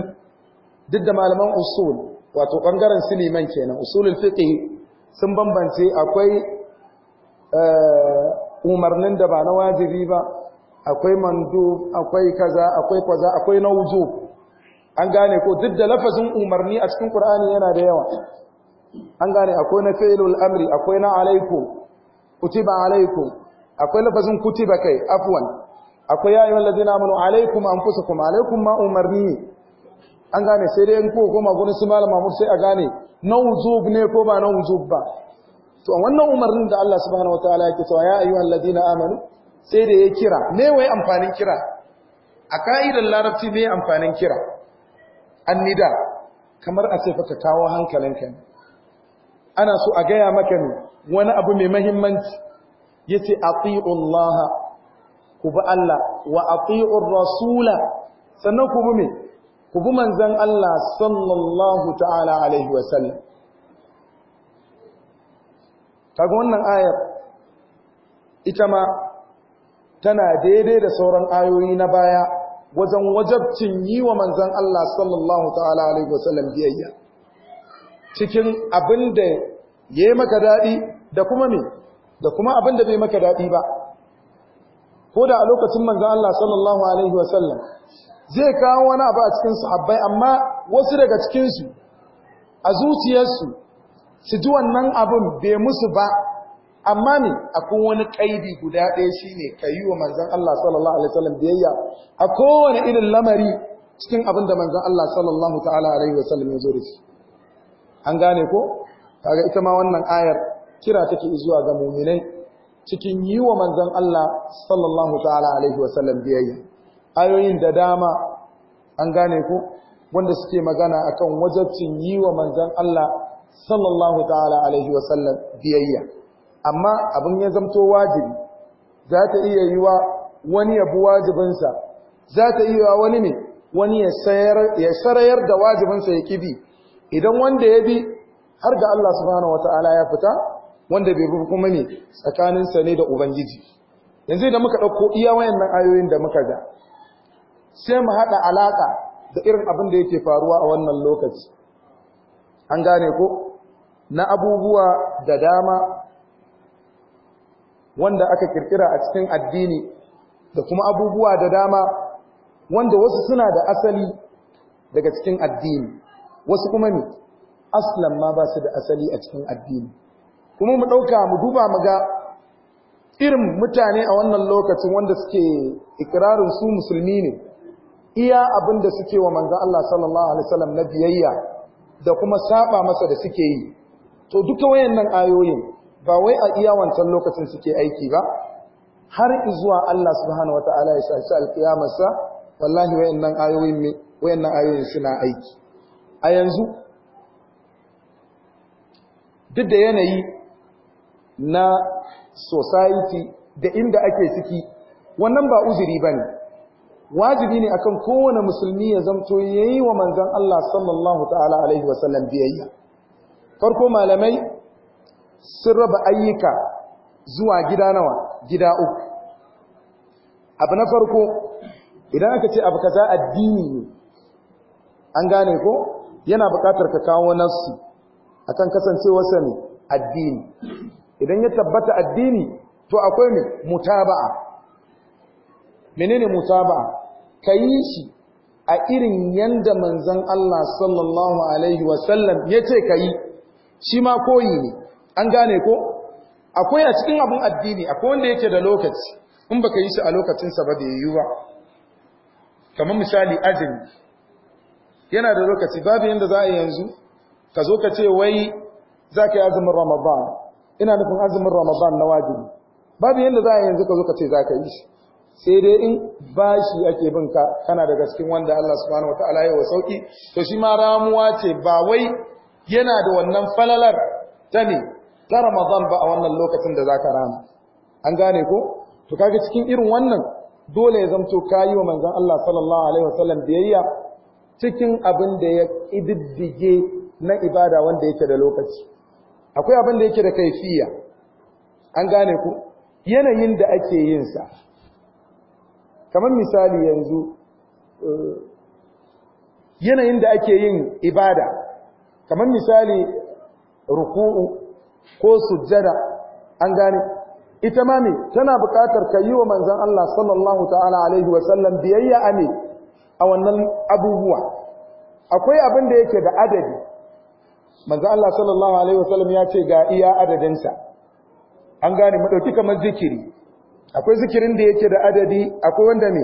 duk da malaman usul wato bangaren siliman kenan usulul fiqh sun bambance akwai eh, umarnin da ba na wajibi ba akwai mandu akwai kaza akwai kwaza, akwai na wuzo an gane ko duk da lafazin umarni a cikin ƙur'ani yana da yawa an gane akwai na fi'lul amri akwai na alaikum kutiba alaikum akwai lafazin kutiba kai afwan akwai ya ayyuhal ladina amanu alaikum anfusakum alaikum ma umarni an gane sai dai in ko koma gurin su malam mamur sai a gane na wuzub ne ko ba na wuzub ba to wannan umarnin da Allah subhanahu wataala yake cewa ya ayyuhal na amanu sai da ya kira me wai amfanin kira a ka'idar larabci me amfanin kira annida kamar a sai ka kawo hankalinka ana so a gaya maka ne wani abu mai mahimmanci yace Laha ku bi Allah wa atiur rasula sannan ku bi me ku bi Allah sallallahu ta'ala alaihi wasallam kaga wannan ayar ita ma tana daidai da sauran ayoyi na baya wajen wajabcin yi wa manzan Allah sallallahu ta'ala alaihi wasallam biyayya cikin abin da ya yi maka daɗi da kuma me da kuma abin da bai maka daɗi ba ko da a lokacin manzan Allah sallallahu alaihi wasallam zai kawo wani abu a cikin sahabbai amma wasu daga cikinsu a zuciyarsu su ji wannan abin bai musu ba amma ne akwai wani kaidi guda ɗaya shine yi wa manzan Allah sallallahu alaihi wasallam biyayya a kowane irin lamari cikin abin da manzan Allah sallallahu ta'ala alaihi wasallam ya zo da shi an gane ko kaga ita ma wannan ayar kira take zuwa ga mu'minai cikin yi wa manzan Allah sallallahu ta'ala alaihi wasallam biyayya ayoyin da dama an gane ku wanda suke magana akan wajabcin yi wa manzon Allah sallallahu ta'ala alaihi wa biyayya amma abin ya zamto wajibi za ta iya yi wa wani ya bi wajibinsa za ta iya wani ne wani ya sarayar da wajibinsa ya kibi idan wanda ya bi har ga Allah subhanahu wa ta'ala ya fita wanda bai bi kuma ne tsakaninsa ne da ubangiji yanzu da muka ɗauko iya wayannan ayoyin da muka ga sai mu haɗa alaƙa da irin abin da yake faruwa a wannan lokaci an gane ko na abubuwa da dama wanda aka kirkira a cikin addini da kuma abubuwa da dama wanda wasu suna da asali daga cikin addini wasu kuma ne aslan ma ba su da asali a cikin addini kuma mu ɗauka mu duba mu ga irin mutane a wannan lokacin wanda suke ikirarin su musulmi ne iya abin da suke wa manzan Allah sallallahu alaihi wasallam na biyayya da kuma saba masa da suke yi to duka wayannan ayoyin ba wai a iya wancan lokacin suke aiki ba har zuwa Allah subhanahu Ta'ala ya shashi alkiyamarsa wallahi wayannan ayoyin nan ayoyin suna aiki a yanzu duk da yanayi na society da inda ake ciki wannan ba uzuri ba ne. wajibi ne akan kowane musulmi ya zamto yayi wa manzon Allah sallallahu ta'ala alaihi wasallam biyayya farko malamai sun raba ayyuka zuwa gida nawa gida uku abu na farko idan aka ce abu kaza addini ne an gane ko yana buƙatar ka kawo nasu akan kasancewarsa ne addini idan ya tabbata addini to akwai mutaba'a menene mutaba ka yi shi a irin yanda manzon Allah sallallahu alaihi wasallam ya ce ka yi shi ma koyi ne an gane ko akwai a cikin abin addini akwai wanda yake da lokaci in baka yi shi a lokacinsa ba da yiwu ba kamar misali azumi yana da lokaci babu yanda za a yanzu ka zo ka ce wai za ka yi azumin ramadan ina nufin azumin ramadan na wajibi babu yanda za a yanzu ka zo ka ce za ka yi shi sai dai in bashi ake bin ka kana daga cikin wanda Allah subhanahu wataala ya sauki to shi ma ramuwa ce ba wai yana da wannan falalar ta ne ta Ramadan ba a wannan lokacin da za ka rama an gane ko to kaga cikin irin wannan dole ya zamto kayi wa manzon Allah sallallahu alaihi wasallam biyayya cikin abin da ya ididdige na ibada wanda yake da lokaci akwai abin da yake da kaifiya an gane ku yanayin da ake yin sa kamar misali yanzu eh, yanayin da ake yin ibada kamar misali ruku'u ko sujjada an gane ita ma ne tana buƙatar ka yi wa manzan Allah sallallahu ta'ala alaihi wasallam biyayya a ne a wannan abubuwa akwai abin da yake da adadi manzan Allah sallallahu alaihi wasallam ya ce ga iya adadinsa an gane maɗauki kamar zikiri akwai zikirin da yake da adadi akwai wanda me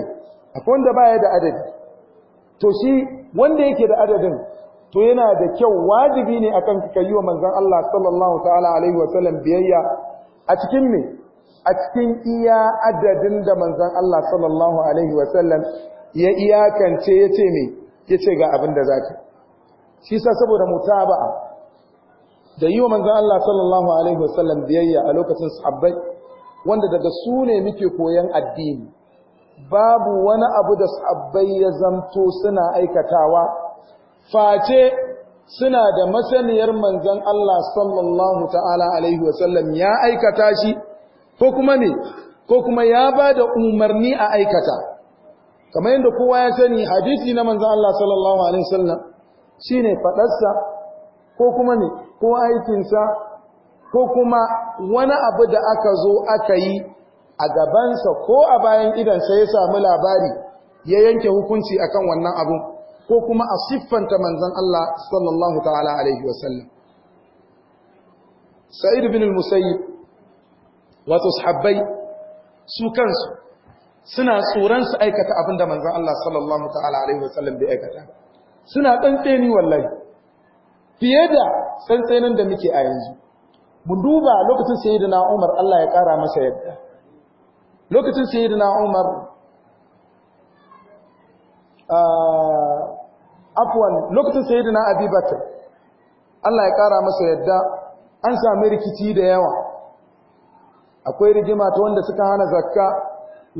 akwai wanda baya da adadi to shi wanda yake da adadin to yana da kyau wajibi ne akan ka yi wa manzon Allah sallallahu ta'ala alaihi wa sallam biyayya a cikin me a cikin iya adadin da manzon Allah sallallahu alaihi wa sallam ya iyakance yace me yace ga abin da zaka shi sa saboda mutaba'a da yi wa manzon Allah sallallahu alaihi wa sallam biyayya a lokacin sahabbai wanda daga su ne muke koyan addini babu wani abu da sabbai ya zanto suna aikatawa face suna da masaniyar manzon Allah sallallahu ta'ala alaihi wasallam ya aikata shi ko kuma ne ko kuma ya ba da umarni a aikata kamar yadda kowa ya sani hadisi na manzon Allah sallallahu alaihi wasallam shine fadarsa ko kuma ne ko aikinsa ko kuma wani abu da aka zo aka yi a gabansa ko a bayan idansa ya samu labari ya yanke hukunci a kan wannan abu ko kuma a siffanta manzan Allah sallallahu ta'ala alaihi wasallam sa'id bin al-musayyib wato sahabbai su kansu suna tsoron su aikata abin da manzan Allah sallallahu ta'ala alaihi wasallam bai aikata suna tsantseni wallahi fiye da tsantsenin da muke a yanzu mu duba lokacin sayyidina Umar Allah ya kara masa yadda lokacin sayyidina Umar ah afwan lokacin sayyidina Abi Bakr Allah ya kara masa yadda an sami rikici da yawa akwai rigima ta wanda suka hana zakka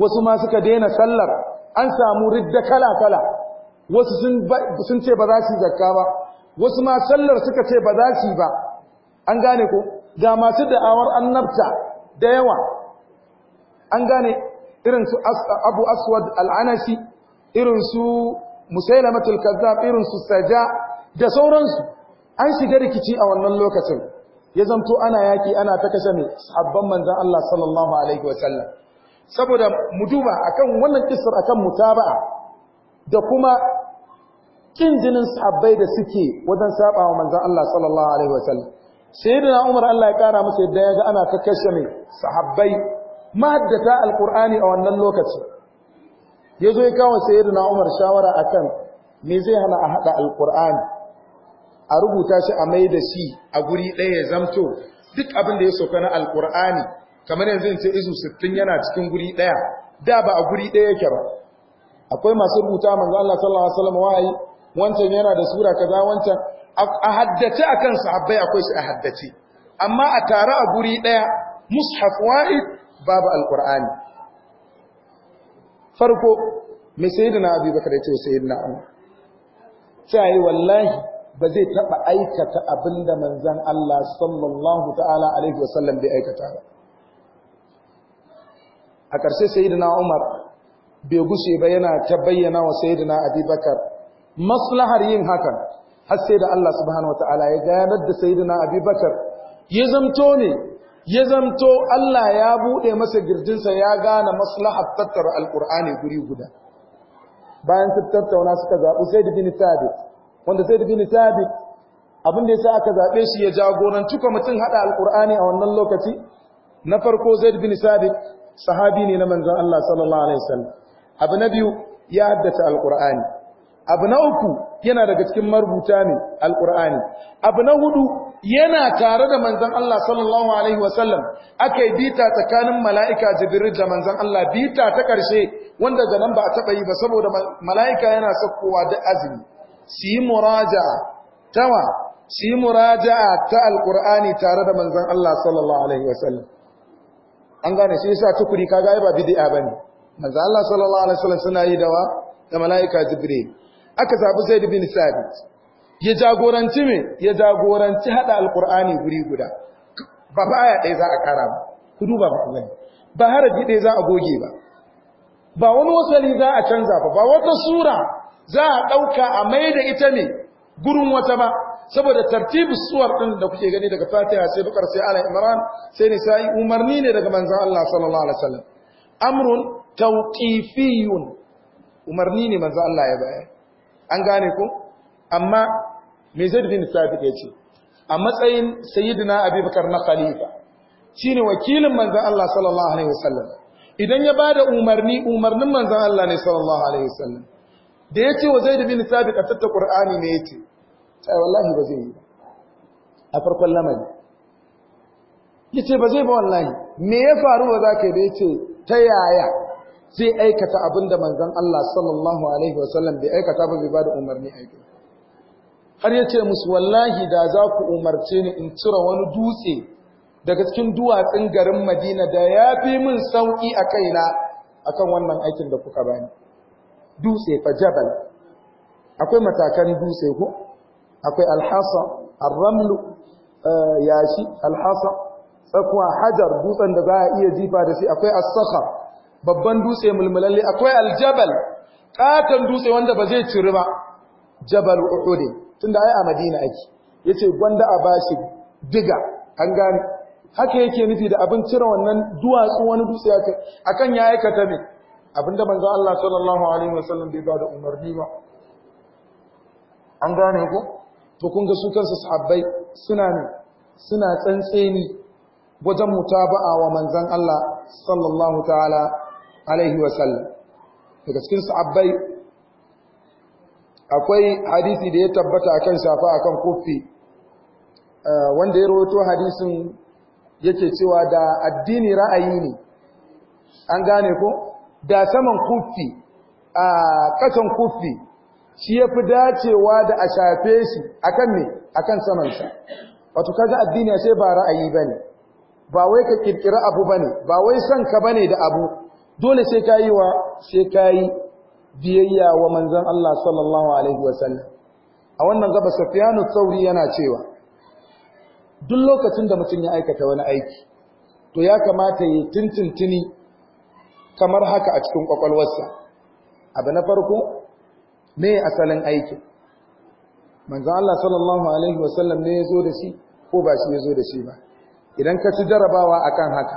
wasu ma suka daina sallar an samu ridda kala kala wasu sun ce ba za su zakka ba wasu ma sallar suka ce ba za su ba an gane ko ga masu da'awar annabta da yawa an gane irin abu aswad al'anasi irin su musailamatul kazzab irin su saja da sauransu an shiga rikici a wannan lokacin ya zamto ana yaki ana ta kashe ne sahabban manzan Allah sallallahu alaihi saboda mu duba akan wannan kissar akan mutaba'a da kuma kin jinin sahabbai da suke wajen saba wa Allah sallallahu alaihi sayyidina Umar Allah ya kara masa yadda ya ga ana kashe mai sahabbai mahaddata alkur'ani a wannan lokaci Ya zo ya kawo sayyidina Umar shawara akan me zai hana a haɗa alqur'ani a rubuta shi a mai da shi a guri ɗaya ya zamto duk abin da ya soka na alkur'ani kamar yanzu in ce izu sittin yana cikin guri ɗaya da ba a guri ɗaya yake ba akwai masu rubuta manzo Allah sallallahu alaihi wasallam wancan yana da sura kaza wancan a haddace a kan sahabbai akwai shi a haddace amma a tare a guri daya mushaf wa'id babu alƙur'ani farko mai abu baka ya ce sayyidina umar yi wallahi ba zai taba aikata abin da manzan Allah sallallahu ta'ala alaihi wasallam bai aikata ba a ƙarshe sayidina umar bai gushe ba yana ta bayyana wa abu bakar maslahar yin hakan har sai da Allah subhanahu wataala ya gayanar da sayyidina Abubakar ya zamto ne ya zamto Allah ya bude masa girjinsa ya gane maslahar tattara alqur'ani guri guda bayan su tattauna suka zaɓi sai bin wanda sai da bin sabit abin da yasa aka zaɓe shi ya jagoranci kwamitin haɗa alqur'ani a wannan lokaci na farko zaid bin sabit sahabi ne na manzon Allah sallallahu alaihi wasallam abu na biyu ya haddace alqur'ani abu na uku yana daga cikin marubuta ne alkur'ani abu na hudu yana tare da manzan Allah sallallahu alaihi wasallam yi bita tsakanin mala'ika jibirin da manzan Allah bita ta ƙarshe, wanda ga ba a taɓa yi ba saboda mala'ika yana sakkowa da azumi su yi muraja'a tawa su yi muraja'a ta alkur'ani tare da manzan Allah sallallahu alaihi wasallam an gane shi yasa tukuri kaga ai ba bid'a bane Allah sallallahu alaihi wasallam suna yi dawa da mala'ika jibril aka zabi zaid bin sabit ya jagoranci me ya jagoranci hada alqur'ani guri guda ba ba aya ɗaya za a kara ba ku duba ba ku gani ba harafi ɗaya za a goge ba ba wani wasali za a canza ba ba wata sura za a ɗauka a mai da ita ne gurin wata ba saboda tartibin suwar ɗin da kuke gani daga fatiha sai bukar sai ala imran sai nisa'i umarni ne daga manzan Allah sallallahu alaihi wasallam amrun tawqifiyun umarni ne manzan Allah ya bayar an gane ku amma me zai bin sabit ya ce a matsayin sayyidina abubakar na khalifa shine wakilin manzon Allah sallallahu alaihi wasallam idan ya bada umarni umarnin manzon Allah ne sallallahu alaihi wasallam da yace wa zaid bin sabit a tatta qur'ani ne yace sai wallahi ba zai yi a farkon lamari yace ba zai ba wallahi me ya faru ba zaka da yace ta yaya zai aikata abin da manzon Allah sallallahu alaihi wasallam bai aikata ba bai bada umarni aiki har ce musu wallahi da za ku umarce ni in cire wani dutse daga cikin duwatsun garin Madina da ya fi min sauƙi a kaina akan wannan aikin da kuka bani dutse fa jabal akwai matakan dutse ko akwai alhasa arramlu eh, yashi alhasa tsakwa hajar dutsen da za a iya jifa da shi akwai as babban dutse mulmulalle akwai aljabal katon dutse wanda ba zai ciri ba jabal uhud tunda ai a madina ake yace gwanda a bashi diga an gane haka yake nufi da abin cire wannan duwatsu wani dutse yake akan ya aikata me abinda manzo Allah sallallahu alaihi wasallam bai ba da umarni ba an gane ko to kun ga su kansu sahabbai suna ne suna tsantseni wajen mutaba'a wa manzon Allah sallallahu ta'ala alaihi wasallam daga cikin sahabbai akwai hadisi da ya tabbata akan shafa akan kofi eh, wanda ya rawaito hadisin yake cewa da addini ra'ayi ne an gane ko da saman kufi a kasan kufi shi yafi dacewa da a shafe shi akan me akan samansa wato kaga addini sai ba ra'ayi bane ba wai ka kirkira abu bane ba wai son ka bane da abu dole sai ka yi wa sai ka biyayya wa manzon Allah sallallahu alaihi wasallam a wannan gaba safiyanu Tsauri yana cewa duk lokacin da mutum ya aikata wani aiki to ya kamata ya tintintini kamar haka a cikin kwakwalwarsa abu na farko me asalin aiki, manzon Allah sallallahu alaihi wasallam ne ya zo da shi ko ba shi ya zo da shi ba idan ka ci jarabawa akan haka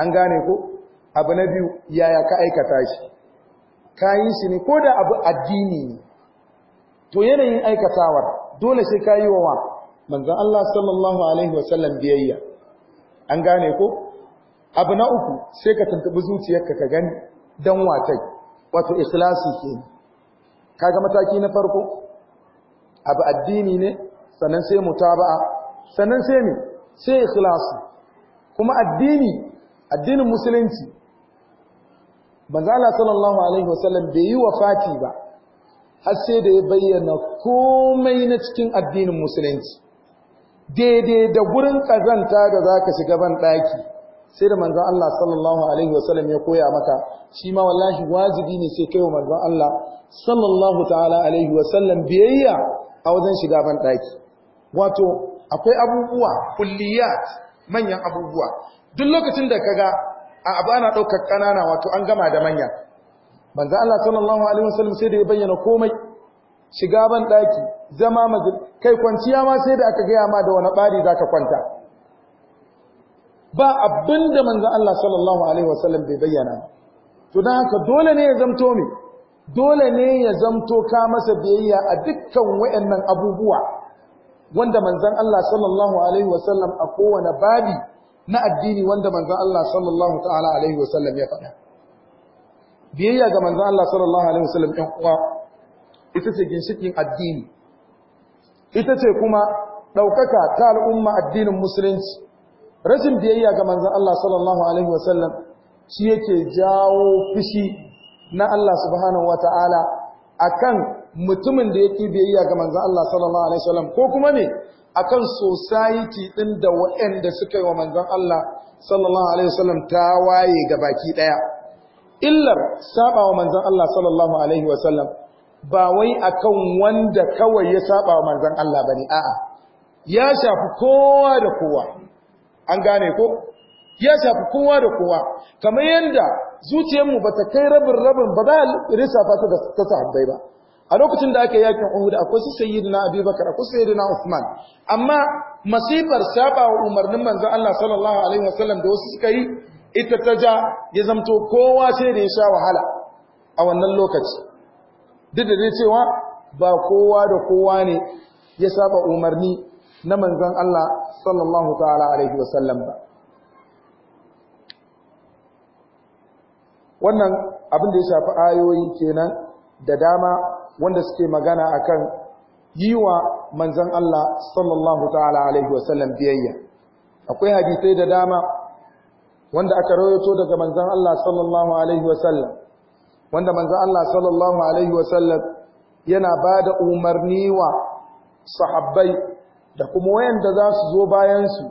an gane ko abu na biyu yaya ka aikata shi ka yi shi ne ko da abu addini ne to yanayin aikatawar dole sai ka yi wa wa manzan Allah sallallahu alaihi wasallam biyayya an gane ko abu na uku sai ka tantabi zuciyarka ka gani dan watai wato ikhlasi ke kaga mataki na farko abu addini ne sannan sai mutaba'a sannan sai me sai ikhlasi kuma addini addinin musulunci manzala sallallahu alaihi wasallam bai yi wafati ba har sai da ya bayyana komai na cikin addinin musulunci daidai da gurin ƙazanta da za ka shiga ban ɗaki sai da manzan Allah sallallahu alaihi wasallam ya koya maka shi ma wallahi wajibi ne sai kai wa manzan Allah sallallahu ta'ala alaihi wasallam biyayya a wajen shiga ban ɗaki wato akwai abubuwa kulliyat manyan abubuwa duk lokacin da ka ga. a abu ana ɗaukar ƙanana wato an gama da manya banza Allah sallallahu alaihi wasallam sai da ya bayyana komai shiga ban daki zama mazin kai kwanciya ma sai da aka gaya ma da wani bari zaka kwanta ba abinda manzo Allah sallallahu alaihi wasallam bai bayyana to dan haka dole ne ya zamto me. dole ne ya zamto ka masa biyayya a dukkan wayannan abubuwa wanda manzon Allah sallallahu alaihi wasallam a kowane babi na addini wanda manzon Allah sallallahu ta'ala alaihi wasallam ya faɗa biyayya ga manzon Allah sallallahu alaihi Sallam ɗan uwa ita ce ginshikin addini ita ce kuma ɗaukaka ta al'umma addinin musulunci rashin biyayya ga manzon Allah sallallahu alaihi Sallam shi yake jawo fushi na Allah subhanahu wataala akan mutumin da yake biyayya ga manzon Allah sallallahu alaihi Sallam ko kuma ne akan society din da waɗanda suka yi wa manzon Allah sallallahu alaihi wasallam waye gabaki daya illar saba wa manzon Allah sallallahu alaihi wasallam ba wai akan wanda kawai ya saba wa manzon Allah bane a'a ya shafi kowa da kowa an gane ko ya shafi kowa da kowa kamar yanda zuciyarmu ta kai rabin rabin ba za a lissafa ta ta sahabbai ba a lokacin da aka yakin Uhud akwai su sayyidina Abubakar akwai su sayyidina Usman, amma masifar saba wa umarnin manzon Allah sallallahu alaihi wasallam da wasu suka yi ita ta ja ya zamto kowa sai da ya sha wahala a wannan lokaci duk da dai cewa ba kowa da kowa ne ya saba umarni na manzon Allah sallallahu ta'ala alaihi wasallam ba wannan abin da ya shafi ayoyi kenan da dama wanda suke magana akan yi wa manzan Allah sallallahu ta'ala alaihi wasallam biyayya akwai hadisai da dama wanda aka rawaito daga manzan Allah sallallahu alaihi wasallam wanda manzan Allah sallallahu alaihi wasallam yana da umarni wa sahabbai da kuma wayanda za su zo bayan su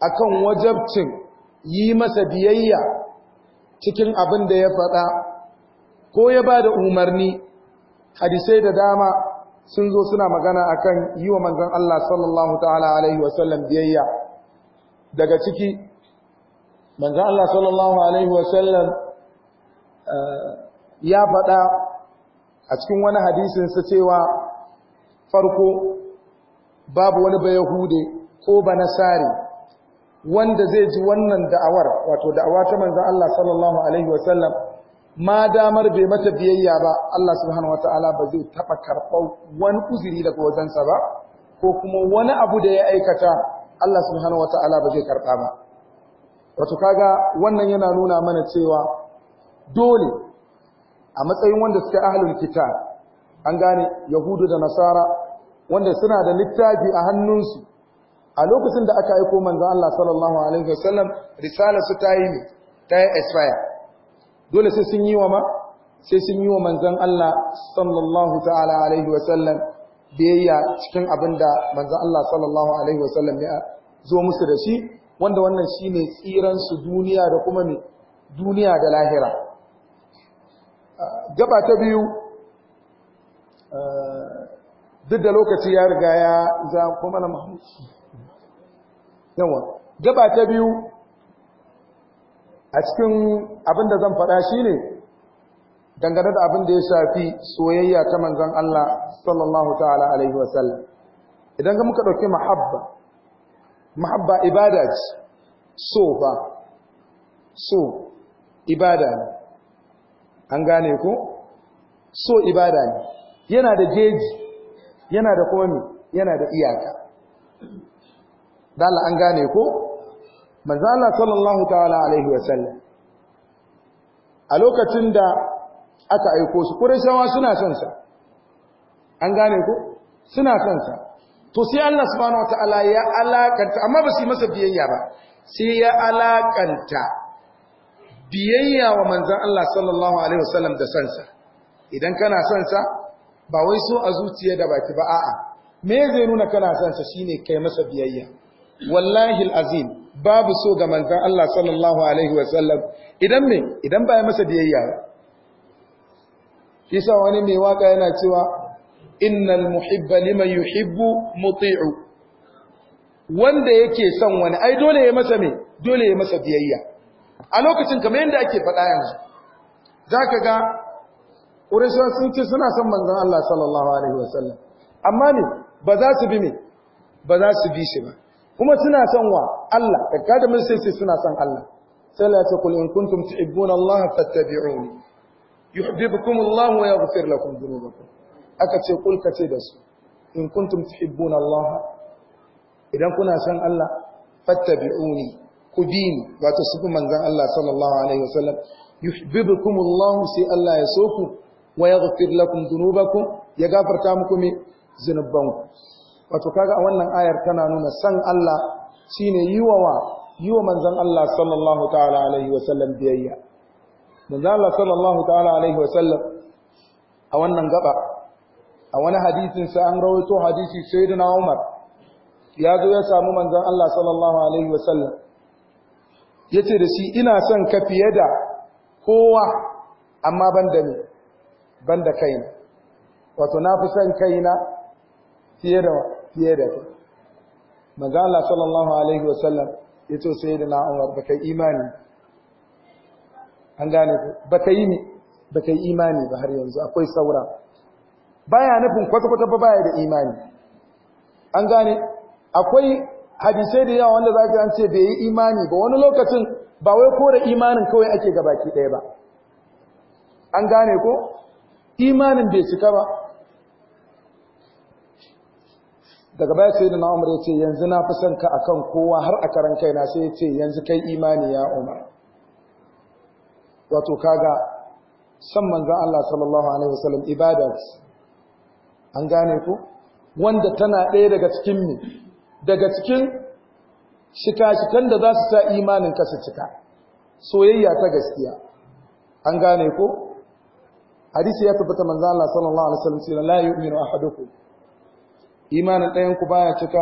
akan wajabcin yi masa biyayya cikin abin da ya faɗa ko ya ba da umarni hadisai da dama sun zo suna magana akan yi wa manzon Allah sallallahu ta'ala alaihi wasallam biyayya daga ciki manzon Allah sallallahu alaihi wasallam eh, ya faɗa a cikin wani hadisinsa cewa farko babu wani bai Yahude ko Banasari wanda zai ji wannan da'awar wato da'awa ta manzon Allah sallallahu alaihi wasallam ma damar bai mata biyayya ba Allah subhanahu wataala ba zai taba karɓar wani kuziri daga wajensa ba ko kuma wani abu da ya aikata Allah subhanahu wataala ba zai karɓa ba wato kaga wannan yana nuna mana cewa dole a matsayin wanda suka ahlul kitab an gane yahudu da nasara wanda suna da littafi a hannunsu a lokacin da aka aiko manzo Allah sallallahu alaihi wasallam risalar su ta yi ne ta yi expire dole sai sun yi wa ma sai sun yi wa manzan Allah sallallahu ta'ala alaihi wa biyayya cikin abin da Allah sallallahu alaihi wa ya zo musu da shi wanda wannan shine tsiran su duniya da kuma ne duniya da lahira ah, gaba ta biyu ah, duk da lokaci ya riga ya za kuma na mahmud yawa gaba ta biyu a cikin abin da zan faɗa ne dangane da abin da ya shafi soyayya ta manzon Allah sallallahu ta'ala alaihi wasallam idan ga muka ɗauki mahabba mahabba ibada ce so ba so ibada ne an gane ko so ibada ne yana da jeji yana da komi yana da iyaka dala an gane ko manzala sallallahu ta'ala alaihi wasallam a lokacin da aka aiko su qurayshawa suna son sa an gane ko suna son sa to sai Allah subhanahu wataala ya alakanta amma ba su masa biyayya ba sai ya alakanta biyayya wa manzan Allah sallallahu alaihi wasallam da son sa idan kana son sa ba wai so a zuciya da baki ba a'a me zai nuna kana son sa shine kai masa biyayya wallahi alazim babu so ga manzan Allah sallallahu alaihi wasallam idan me idan ba ya masa biyayya ba yasa wani mai waka yana cewa innal muhibba liman yuhibbu muti'u wanda yake son wani ai dole ya masa me dole ya masa biyayya a lokacin kamar yadda ake faɗa yanzu zaka ga Qurayshawa sun ce suna son manzan Allah sallallahu alaihi wasallam amma ne ba za su bi me ba za su bi shi ba kuma suna son wa Allah da mun sai sai suna son Allah sai Allah ya ce kul in kuntum tuhibbuna Allah fattabi'uni yuhibbukum Allah wa yaghfir lakum dhunubakum aka ce kul ka ce da su in kuntum tuhibbuna Allah idan kuna son Allah fattabi'uni ku bi ni wato su manzon Allah sallallahu alaihi wasallam yuhibbukum Allah sai Allah ya so ku wa yaghfir lakum dhunubakum ya gafarta muku me zunubanku wato kaga a wannan ayar tana nuna san Allah shine yiwa wa yiwa manzon Allah sallallahu ta'ala alaihi wa sallam biyayya manzon Allah sallallahu ta'ala alaihi wa sallam a wannan gaba a wani hadisin sa an rawaito hadisi sayyidina Umar ya zo ya samu manzon Allah sallallahu alaihi wa sallam yace da shi ina son ka fiye da kowa amma ban da ni ban da kaina wato na fi son kaina fiye da wa. fiye da ta manzo sallallahu alaihi wasallam ce sai da na'umar baka imani an gane ku baka yi ne baka yi imani ba har yanzu akwai saura baya nufin kwata-kwata ba baya da imani an gane akwai hadisai da yawa wanda za an ce bai yi imani ba wani lokacin ba wai kore imanin kawai ake gabaki ɗaya ba an gane ko imanin bai cika ba daga baya sai na umar ya ce yanzu na fi son ka a kan kowa har a karan kaina sai ya ce yanzu kai imani ya umar wato kaga san manzan Allah sallallahu alaihi wasallam ibadat an gane ku wanda tana ɗaya daga cikin mi daga cikin shika-shikan da za su sa imanin ka su cika soyayya ta gaskiya an gane ku hadisi ya tabbata manzan Allah sallallahu alaihi wasallam sai la yu'minu ahadukum imanin ɗayan ku baya cika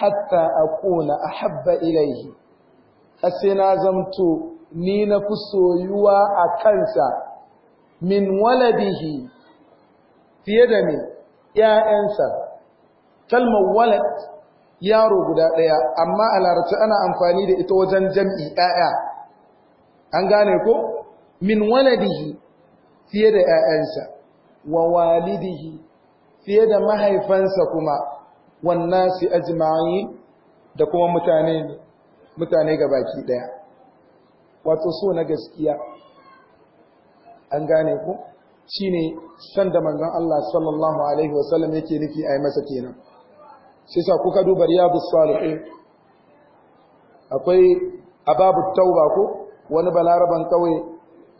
hatta a kona ahabba ilaihi ilaihi. sai na zamto ni na fi soyuwa a kansa min waladihi fiye da me ‘ya'yansa, kalmar walad yaro guda ɗaya, amma a larabci ana amfani da ita wajen jam'i ‘ya'ya, an gane ko? Min waladihi fiye da ‘ya'yansa, wa walidihi fiye da mahaifansa kuma wannan si ajma'i da kuma mutane mutane baki daya wato so na gaskiya an gane ku shine san da manzon Allah sallallahu alaihi wasallam yake nufi a yi masa kenan sai sa kuka duba riyadus salihin akwai ababu tauba ko wani balaraban ƙauye.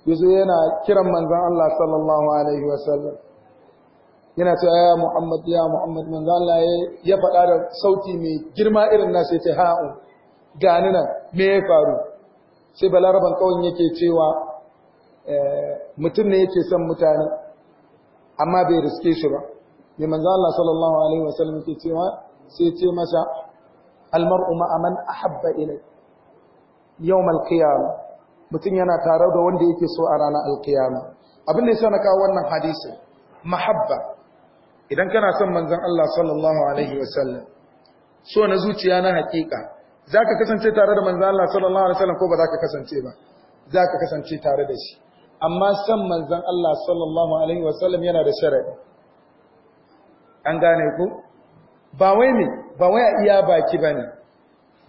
yazo yana kiran manzon Allah sallallahu alaihi wasallam yana ce ya Muhammad ya Muhammad manzo Allah ya faɗa da sauti mai girma irin nasa ce ha'u um, gani nan me ya faru sai balaraban kawai yake cewa eh, mutum ne yake son mutane amma bai riske shi ba mai manzo Allah sallallahu alaihi wa sallam yake cewa sai ce masa almar'u ma man ahabba ilai yawmal qiyam mutum yana tare da wanda yake so a ranar alqiyama abin da yasa na kawo wannan hadisi mahabba idan kana son manzon Allah sallallahu alaihi wasallam so na zuciya na hakika zaka kasance tare da manzon Allah sallallahu alaihi wasallam ko ba zaka kasance ba zaka kasance tare da shi amma son manzon Allah sallallahu alaihi wasallam yana da sharadi an gane ku ba wai ne ba wai a iya baki bane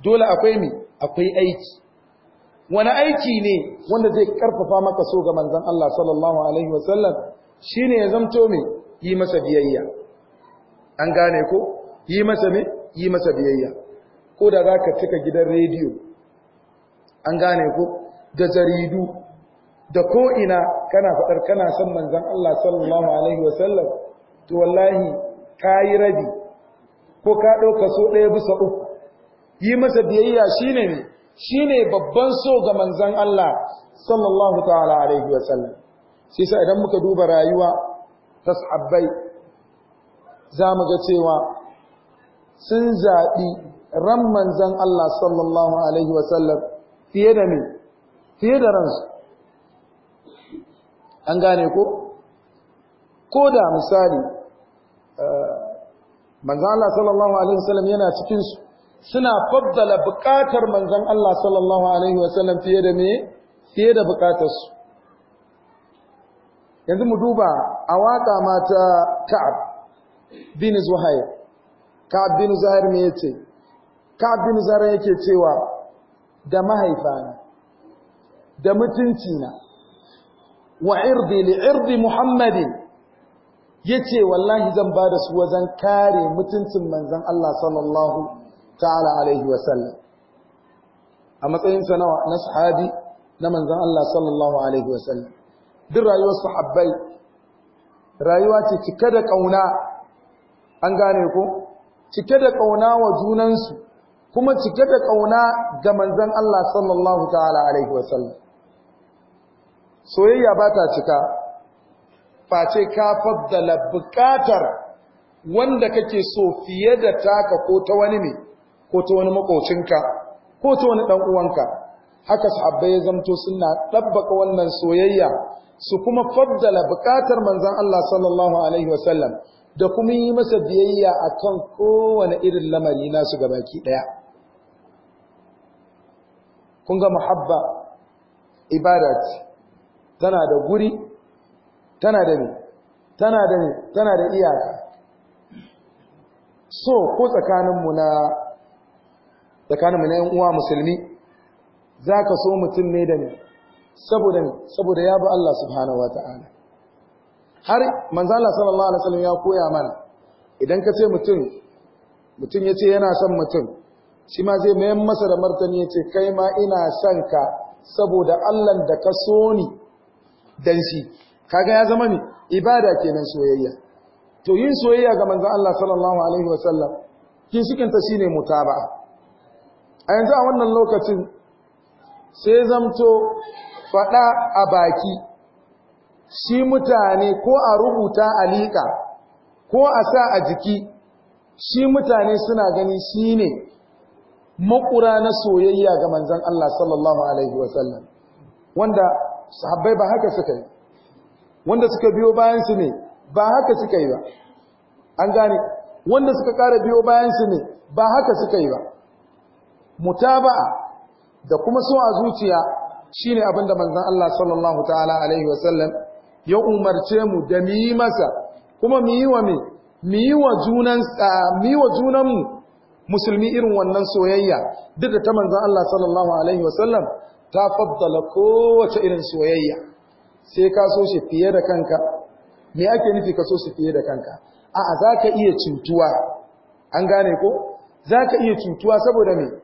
dole akwai ne akwai aiki wani aiki ne wanda zai karfafa maka so ga manzon Allah sallallahu alaihi wasallam shine ya zamto me yi masa biyayya an gane ko yi masa me yi masa biyayya ko da za ka cika gidan rediyo an gane ko da jaridu da ko'ina kana faɗar kana son manzan Allah sallallahu Alaihi wasallam to wallahi ka yi rabi ko ka ɗauka so ɗaya bisa uku yi masa biyayya shi ne shi ne babban so ga manzan Allah sallallahu ta'ala Alaihi wasallam sai sa idan muka duba rayuwa ta sahabbai za mu ga cewa sun zaɓi ran manzan Allah sallallahu alaihi wasallam fiye da me fiye da ransu an gane ko ko da misali eh, manzan Allah sallallahu alaihi wasallam yana cikinsu suna faddala buƙatar manzan Allah sallallahu alaihi wasallam fiye da me fiye da buƙatarsu yanzu mu duba a waka mata ka'ab bin zuhair ka'ab bin zuhair me yace ka'ab bin zuhair yake cewa da mahaifana da mutunci na wa irdi li irdi muhammadin yace wallahi zan ba da su wajen kare mutuncin manzon Allah sallallahu ta'ala alaihi wa sallam a matsayin sanawa na sahabi na manzon Allah sallallahu alaihi wa sallam duk rayuwar sahabbai rayuwa ce cike da ƙauna an gane ku? cike da ƙauna wa junansu kuma cike da ƙauna ga manzon Allah sallallahu ta'ala alaihi wasallam soyayya ba ta cika face ka faddala buƙatar wanda kake so fiye da taka ko ta wani ne ko ta wani makocinka ko ta wani Haka uwanka haka sahabbai zamto suna ɗabbaka wannan soyayya su kuma faddala buƙatar manzan Allah sallallahu alaihi wasallam da kuma yi masa biyayya a kan kowane irin lamari nasu baki ɗaya kun ga muhabba ibadat, tana da guri tana da ne, tana da ne, tana da iyaka so ko tsakaninmu na tsakaninmu na uwa musulmi za ka so mutum ne da ne saboda saboda ya bi Allah subhanahu wa ta’ala. har manzo Allah sallallahu alaihi wasallam ya koya mana idan ka ce mutum mutum yace yana son mutum shi ma zai mayan masa da martani yace kai ma ina son ka saboda Allah da ka so ni dan shi kaga ya zama ne ibada kenan soyayya to yin soyayya ga manzo Allah sallallahu alaihi wasallam kin shikinta shine mutaba'a a yanzu a wannan lokacin sai zamto faɗa a baki shi mutane ko a rubuta a liƙa ko a sa a jiki shi mutane suna ganin shi ne makura na soyayya ga manzan Allah sallallahu Alaihi wasallam wanda sahabbai ba haka suka yi wanda suka biyo bayansu ne ba haka suka yi ba an gane wanda suka ƙara biyo bayansu ne ba haka suka yi ba mutaba'a da kuma so a zuciya shine abin da manzan Allah sallallahu ta'ala alaihi wasallam ya umarce mu da mu yi masa kuma mu yi wa me mu yi wa junan mu yi wa junan mu musulmi irin wannan soyayya duk da ta manzan Allah sallallahu alaihi wasallam ta faddala kowace irin soyayya sai ka so shi fiye da kanka me ake nufi ka so shi fiye da kanka a'a zaka iya cintuwa. an gane ko zaka iya cutuwa saboda me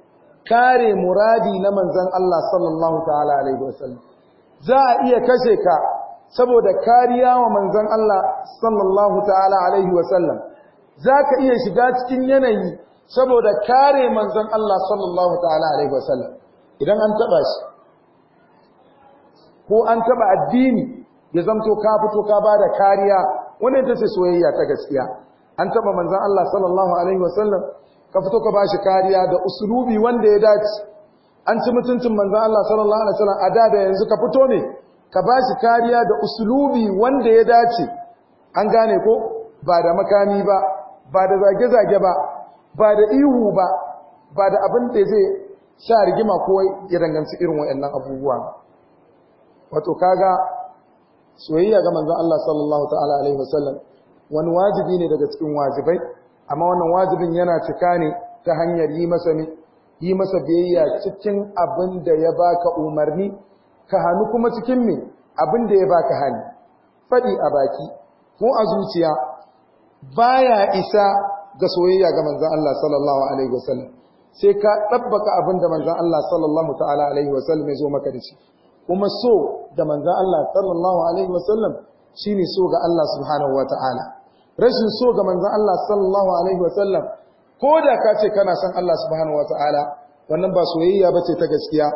kare muradi na manzan Allah sallallahu ta'ala alaihi wasallam za a iya kashe ka saboda kariya wa manzan Allah sallallahu ta'ala alaihi wasallam za ka iya shiga cikin yanayi saboda kare manzan Allah sallallahu ta'ala alaihi wasallam idan an taba shi ko an taba addini ya zamto ka fito ka bada kariya wannan ita ce soyayya ta gaskiya an taba manzan Allah sallallahu alaihi wasallam ka fito ka bashi kariya da usulubi wanda ya dace an ci mutuncin manzan Allah sallallahu alaihi wasallam a da da yanzu ka fito ne ka bashi kariya da usulubi wanda ya dace an gane ko ba da makami ba ba da zage-zage ba ba da ihu ba ba da abin da zai sha rigima ko ya danganci irin wayannan abubuwa wato kaga soyayya ga manzon Allah sallallahu ta'ala alaihi wasallam wani wajibi ne daga cikin wajibai amma wannan wajibin yana cika ne ta hanyar yi masa ne yi masa biyayya cikin abin da ya baka umarni ka hannu kuma cikin me abin da ya baka hannu faɗi a baki ko a zuciya baya isa ga soyayya ga manzon Allah sallallahu alaihi wasallam sai ka ɗabbaka abin da manzon Allah sallallahu ta'ala alaihi wasallam ya zo maka da shi kuma so da manzon Allah sallallahu alaihi wasallam shine so ga Allah subhanahu wa ta'ala rashin so ga manzan Allah sallallahu alaihi wasallam ko da ka ce kana san Allah subhanahu ta'ala. wannan ba soyayya bace ta gaskiya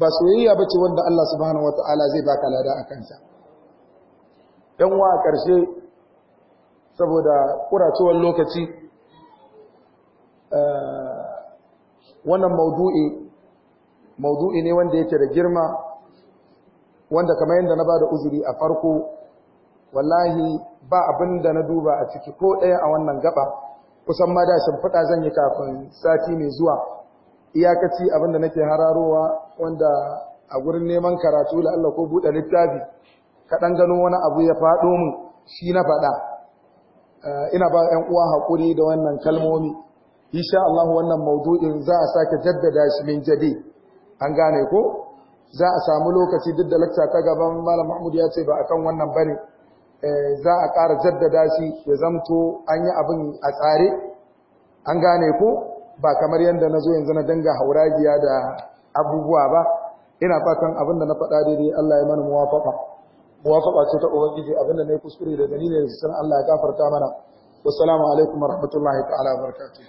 ba soyayya bace wanda Allah subhanahu ta'ala zai baka lada a kansa dan wa karshe saboda kuratuwar lokaci eh, wannan maudu'i maudu'i ne wanda yake da girma wanda kamar yadda na bada uzuri a farko wallahi ba abin da na duba a ciki ko ɗaya a wannan gaba kusan ma da shimfiɗa zan yi kafin sati mai zuwa iyakaci abin da nake hararowa wanda a gurin neman karatu la Allah ko buɗe littafi kaɗan gano wani abu ya faɗo mu shi na faɗa eh, ina ba ‘yan uwa haƙuri da wannan kalmomi insha Allah wannan maudu'in za a sake jaddada shi min jadi an gane ko za a samu lokaci duk da lakta ta gaban malam Mahmud ya ce ba akan wannan bane Eh, za a ƙara jaddada shi ya zamto an yi abin a tsare an gane ko ba kamar yadda na zo yanzu na danga hauragiya da abubuwa ba ina fatan abin da na faɗa daidai Allah ya mana muwafaqa muwafaqa ce ta ubangiji abin da na yi kuskure da dalilin da sun Allah ya gafarta mana wassalamu alaikum warahmatullahi ta'ala wabarakatuh